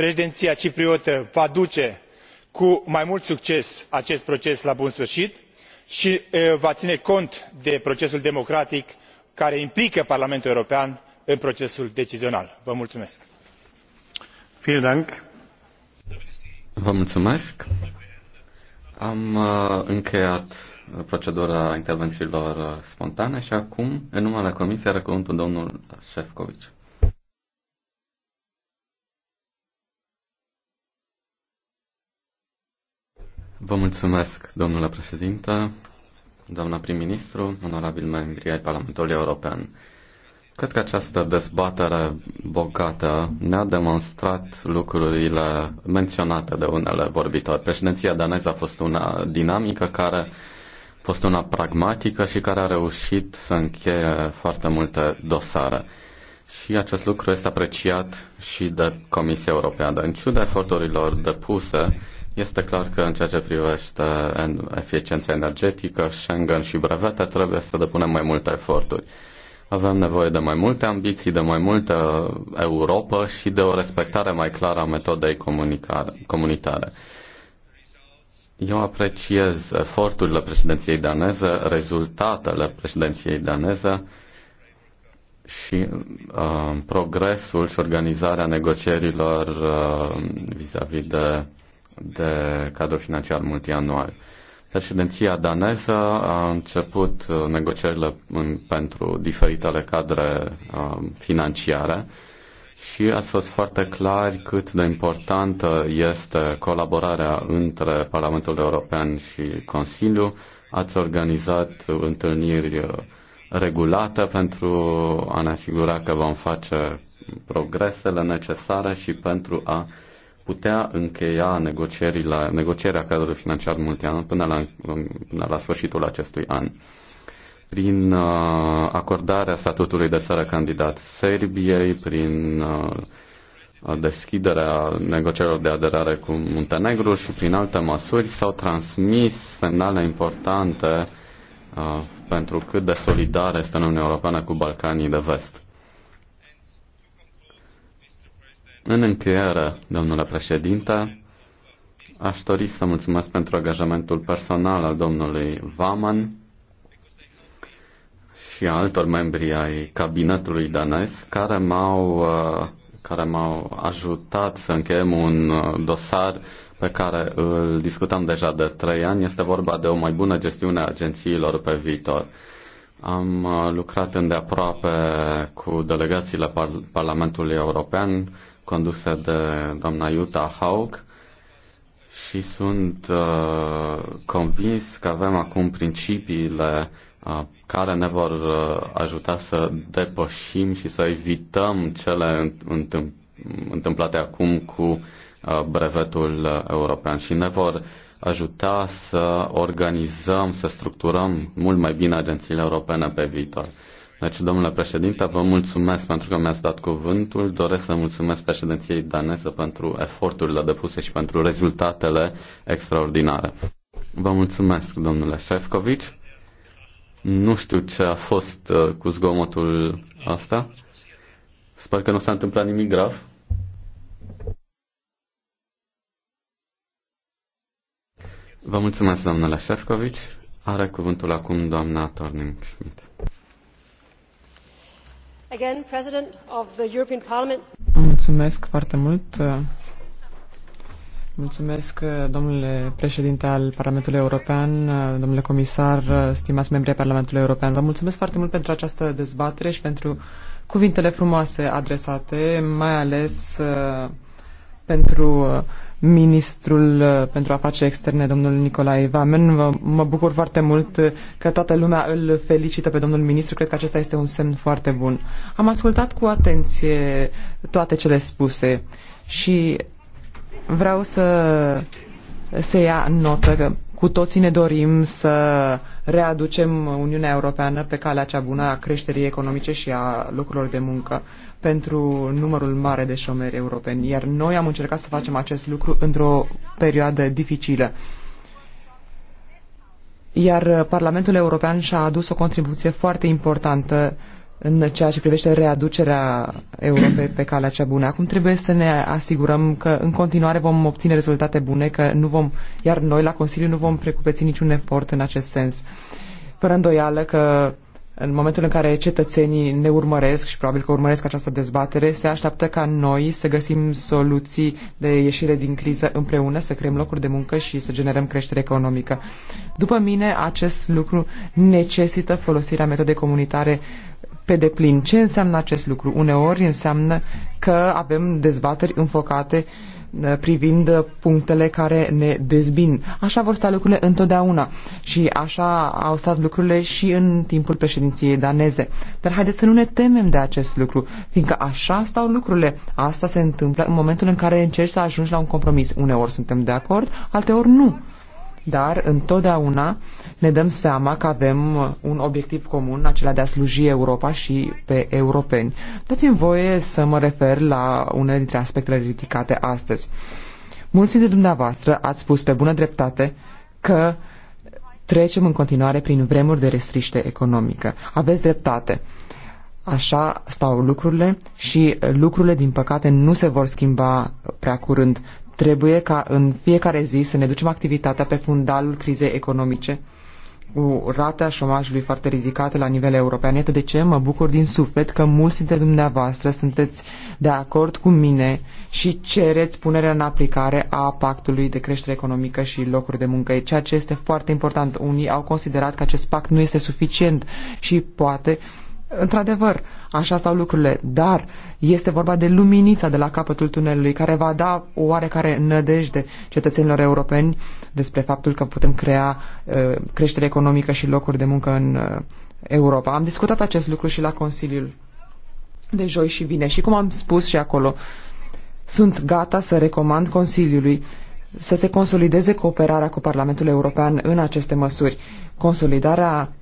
preedinia cipriotă va duce cu mai mult succes acest proces la bun sfârit i va ine cont de procesul democratic care implică parlamentul european în procesul decizional. Vă mulțumesc. Vă mulțumesc. Am uh, încheiat uh, procedura intervențiilor uh, spontane și acum, în numele Comisiei, are cuvântul domnul Șefcovici. Vă mulțumesc, domnule președinte, doamna prim-ministru, onorabil membri ai Parlamentului European. Cred că această dezbatere bogată ne-a demonstrat lucrurile menționate de unele vorbitori. Președinția daneză a fost una dinamică care a fost una pragmatică și care a reușit să încheie foarte multe dosare. Și acest lucru este apreciat și de Comisia Europeană. În ciuda eforturilor depuse, este clar că în ceea ce privește eficiența energetică, Schengen și brevete, trebuie să depunem mai multe eforturi. Avem nevoie de mai multe ambiții, de mai multă Europa și de o respectare mai clară a metodei comunitare. Eu apreciez eforturile președinției daneze, rezultatele președinției daneze și uh, progresul și organizarea negocierilor uh, vis-a-vis -vis de de cadru financiar multianual. Președinția daneză a început uh, negocierile pentru diferitele cadre uh, financiare și a fost foarte clar cât de importantă este colaborarea între Parlamentul European și Consiliu. Ați organizat întâlniri uh, regulate pentru a ne asigura că vom face progresele necesare și pentru a uh, putea încheia negocierile, negocierea cadrului financiar multianual până la, până la sfârșitul acestui an. Prin uh, acordarea statutului de țară candidat Serbiei, prin uh, deschiderea negocierilor de aderare cu Muntenegru și prin alte măsuri s-au transmis semnale importante uh, pentru cât de solidară este Uniunea Europeană cu Balcanii de Vest. În încheiere, domnule președinte, aș dori să mulțumesc pentru angajamentul personal al domnului Vaman și a altor membri ai cabinetului danez care m-au, uh, care m-au ajutat să încheiem un uh, dosar pe care îl discutam deja de trei ani. Este vorba de o mai bună gestiune a agențiilor pe viitor. Am uh, lucrat îndeaproape cu delegațiile Parlamentului European, condusă de doamna Iuta Haug și sunt uh, convins că avem acum principiile uh, care ne vor uh, ajuta să depășim și să evităm cele întâmplate întâmplate acum cu uh, brevetul european și ne vor ajuta să organizăm, să structurăm mult mai bine agențiile europene pe viitor. Deci, domnule președinte, vă mulțumesc pentru că mi-ați dat cuvântul. Doresc să mulțumesc președinției daneză pentru eforturile depuse și pentru rezultatele extraordinare. Vă mulțumesc, domnule Șefcovici. Nu știu ce a fost uh, cu zgomotul asta. Sper că nu s-a întâmplat nimic grav. Vă mulțumesc, domnule Șefcovici. Are cuvântul acum doamna Torning Schmidt. Again, President of the European Parliament. Mulțumesc foarte mult. Mulțumesc, domnule președinte al Parlamentului European, domnule comisar, stimați membri ai Parlamentului European. Vă mulțumesc foarte mult pentru această dezbatere și pentru cuvintele frumoase adresate, mai ales uh, pentru uh, ministrul uh, pentru afaceri externe, domnul Nicolae Vamen. Mă, mă bucur foarte mult uh, că toată lumea îl felicită pe domnul ministru. Cred că acesta este un semn foarte bun. Am ascultat cu atenție toate cele spuse și vreau să se ia notă că cu toții ne dorim să readucem Uniunea Europeană pe calea cea bună a creșterii economice și a locurilor de muncă pentru numărul mare de șomeri europeni, iar noi am încercat să facem acest lucru într-o perioadă dificilă. Iar Parlamentul European și-a adus o contribuție foarte importantă în ceea ce privește readucerea Europei pe calea cea bună. Acum trebuie să ne asigurăm că în continuare vom obține rezultate bune, că nu vom, iar noi la Consiliu nu vom precupeți niciun efort în acest sens. Fără îndoială că în momentul în care cetățenii ne urmăresc și probabil că urmăresc această dezbatere, se așteaptă ca noi să găsim soluții de ieșire din criză împreună, să creăm locuri de muncă și să generăm creștere economică. După mine, acest lucru necesită folosirea metodei comunitare pe deplin. Ce înseamnă acest lucru? Uneori înseamnă că avem dezbateri înfocate uh, Eh, privind eh, punctele care ne dezbin. Așa vor sta lucrurile întotdeauna și așa au stat lucrurile și în timpul președinției daneze. Dar haideți să nu ne temem de acest lucru, fiindcă așa stau lucrurile. Asta se întâmplă în momentul în care încerci să ajungi la un compromis. Uneori suntem de acord, alteori nu dar întotdeauna ne dăm seama că avem un obiectiv comun, acela de a sluji Europa și pe europeni. Dați-mi voie să mă refer la unele dintre aspectele ridicate astăzi. Mulți dintre dumneavoastră ați spus pe bună dreptate că trecem în continuare prin vremuri de restriște economică. Aveți dreptate. Așa stau lucrurile și lucrurile, din păcate, nu se vor schimba prea curând. Trebuie ca în fiecare zi să ne ducem activitatea pe fundalul crizei economice cu rata șomajului foarte ridicată la nivel european. Iată de ce mă bucur din suflet că mulți dintre dumneavoastră sunteți de acord cu mine și cereți punerea în aplicare a pactului de creștere economică și locuri de muncă, ceea ce este foarte important. Unii au considerat că acest pact nu este suficient și poate Într-adevăr, așa stau lucrurile, dar este vorba de luminița de la capătul tunelului care va da o oarecare nădejde cetățenilor europeni despre faptul că putem crea uh, creștere economică și locuri de muncă în uh, Europa. Am discutat acest lucru și la Consiliul de joi și vine și cum am spus și acolo, sunt gata să recomand Consiliului să se consolideze cooperarea cu Parlamentul European în aceste măsuri. Consolidarea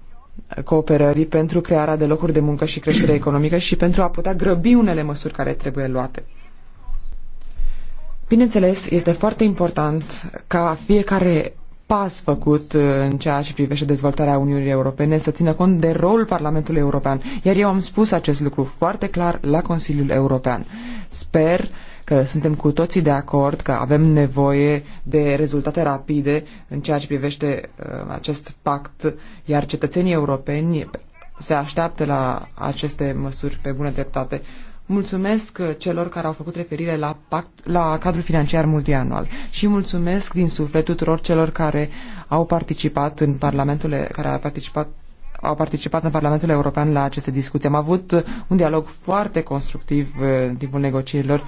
cooperării pentru crearea de locuri de muncă și creștere economică și pentru a putea grăbi unele măsuri care trebuie luate. Bineînțeles, este foarte important ca fiecare pas făcut uh, în ceea ce privește dezvoltarea Uniunii Europene să țină cont de rolul Parlamentului European. Iar eu am spus acest lucru foarte clar la Consiliul European. Sper uh, că suntem cu toții de acord că avem nevoie de rezultate rapide în ceea ce privește uh, acest pact, iar cetățenii europeni se așteaptă la aceste măsuri pe bună dreptate. Mulțumesc celor care au făcut referire la, pact, la cadrul financiar multianual și mulțumesc din suflet tuturor celor care au participat în Parlamentul, care au participat au participat în Parlamentul European la aceste discuții. Am avut un dialog foarte constructiv uh, în timpul negocierilor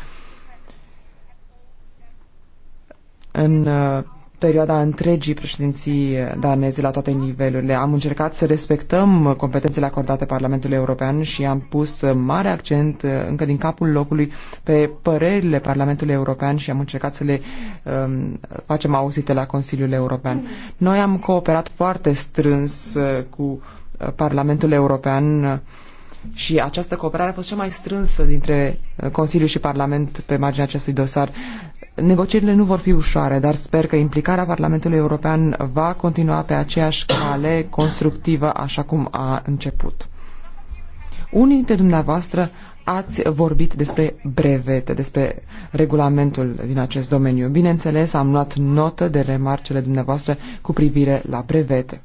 în uh, perioada întregii președinții daneze la toate nivelurile. Am încercat să respectăm competențele acordate Parlamentului European și am pus mare accent uh, încă din capul locului pe părerile Parlamentului European și am încercat să le um, facem auzite la Consiliul European. Noi am cooperat foarte strâns uh, cu Parlamentul European și această cooperare a fost cea mai strânsă dintre Consiliu și Parlament pe marginea acestui dosar. Negocierile nu vor fi ușoare, dar sper că implicarea Parlamentului European va continua pe aceeași cale constructivă așa cum a început. Unii dintre dumneavoastră ați vorbit despre brevete, despre regulamentul din acest domeniu. Bineînțeles, am luat notă de remarcele dumneavoastră cu privire la brevete.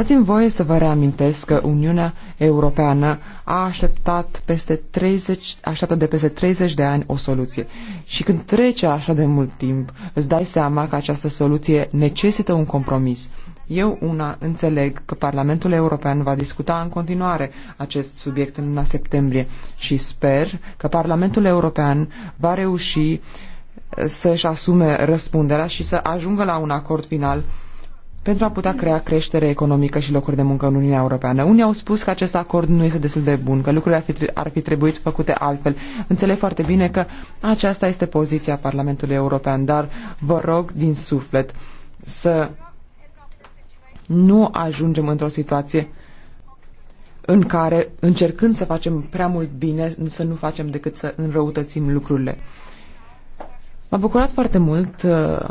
Dați-mi voie să vă reamintesc că Uniunea Europeană a așteptat peste 30, așteptat de peste 30 de ani o soluție. Și când trece așa de mult timp, îți dai seama că această soluție necesită un compromis. Eu una înțeleg că Parlamentul European va discuta în continuare acest subiect în luna septembrie și sper că Parlamentul European va reuși să-și asume răspunderea și să ajungă la un acord final pentru a putea crea creștere economică și locuri de muncă în Uniunea Europeană. Unii au spus că acest acord nu este destul de bun, că lucrurile ar fi, ar fi trebuit făcute altfel. Înțeleg foarte bine că aceasta este poziția Parlamentului European, dar vă rog din suflet să nu ajungem într-o situație în care, încercând să facem prea mult bine, să nu facem decât să înrăutățim lucrurile. M-a bucurat foarte mult uh,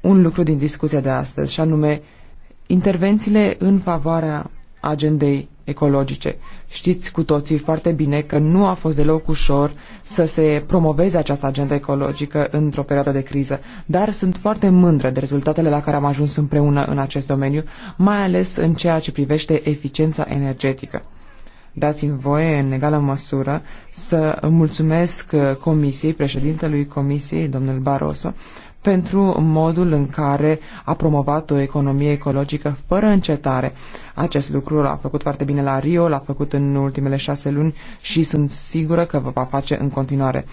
un lucru din discuția de astăzi, și anume intervențiile în favoarea agendei ecologice. Știți cu toții foarte bine că nu a fost deloc ușor să se promoveze această agendă ecologică într-o perioadă de criză, dar sunt foarte mândră de rezultatele la care am ajuns împreună în acest domeniu, mai ales în ceea ce privește eficiența energetică. Dați-mi voie, în egală măsură, să mulțumesc uh, Comisiei, președintelui Comisiei, domnul Barroso, pentru modul în care a promovat o economie ecologică fără încetare. Acest lucru l-a făcut foarte bine la Rio, l-a făcut în ultimele șase luni și sunt sigură că vă va face în continuare.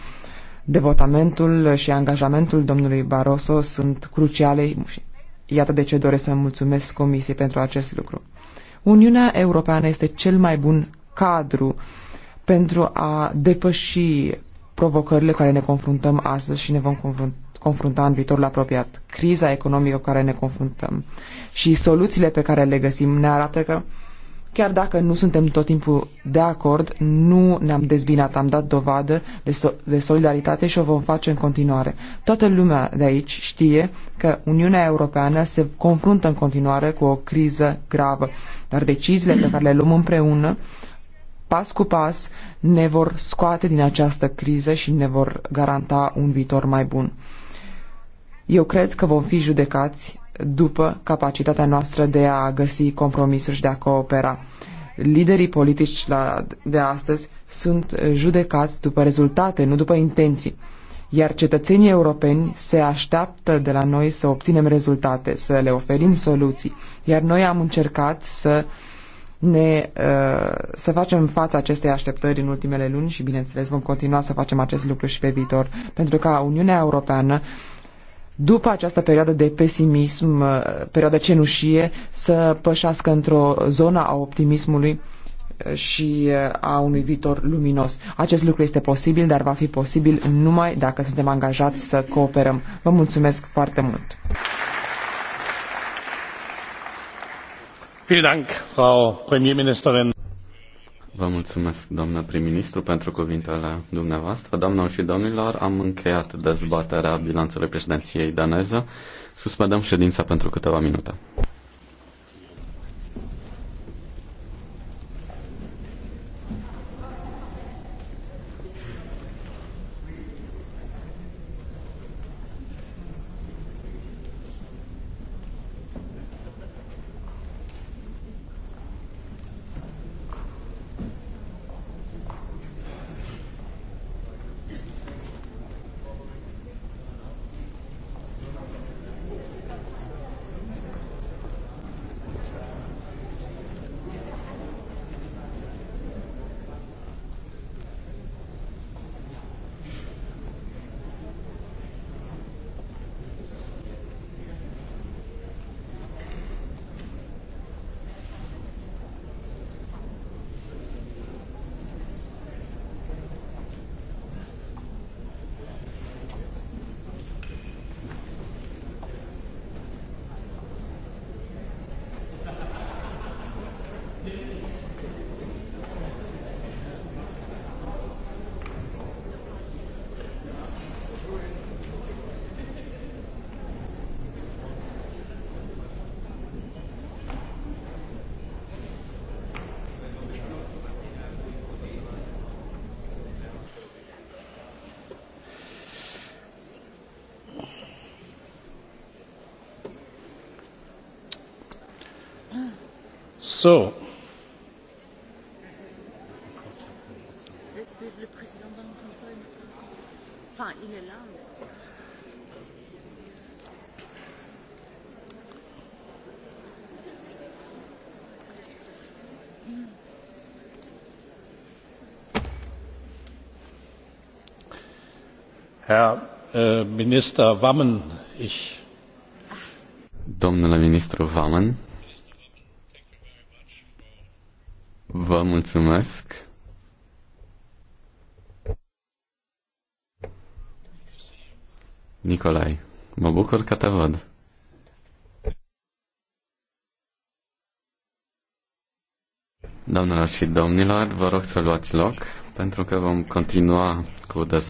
Devotamentul și angajamentul domnului Barroso sunt cruciale și iată de ce doresc să mulțumesc Comisiei pentru acest lucru. Uniunea Europeană este cel mai bun cadru pentru a depăși provocările care ne confruntăm astăzi și ne vom confrunta confrunta în viitorul apropiat. Criza economică cu care ne confruntăm și soluțiile pe care le găsim ne arată că chiar dacă nu suntem tot timpul de acord, nu ne-am dezbinat, am dat dovadă de, so- de solidaritate și o vom face în continuare. Toată lumea de aici știe că Uniunea Europeană se confruntă în continuare cu o criză gravă, dar deciziile pe care le luăm împreună, pas cu pas, ne vor scoate din această criză și ne vor garanta un viitor mai bun. Eu cred că vom fi judecați după capacitatea noastră de a găsi compromisuri și de a coopera. Liderii politici la, de astăzi sunt judecați după rezultate, nu după intenții. Iar cetățenii europeni se așteaptă de la noi să obținem rezultate, să le oferim soluții. Iar noi am încercat să ne, uh, să facem față acestei așteptări în ultimele luni și, bineînțeles, vom continua să facem acest lucru și pe viitor, pentru ca Uniunea Europeană după această perioadă de pesimism, uh, perioada cenușie, să pășească într-o zonă a optimismului uh, și uh, a unui viitor luminos. Acest lucru este posibil, dar va fi posibil numai dacă suntem angajați să cooperăm. Vă mulțumesc foarte mult! Vielen Dank, Frau Premierministerin. Vă mulțumesc, doamnă prim-ministru, pentru cuvintele dumneavoastră. Doamnelor și domnilor, am încheiat dezbaterea bilanțului președinției daneză. Suspendăm ședința pentru câteva minute. Äh, Domnule ministru Vaman, vă mulțumesc. Nicolai, mă bucur că te văd. Doamnelor și domnilor, vă rog să luați loc pentru că vom continua cu dezbaterea.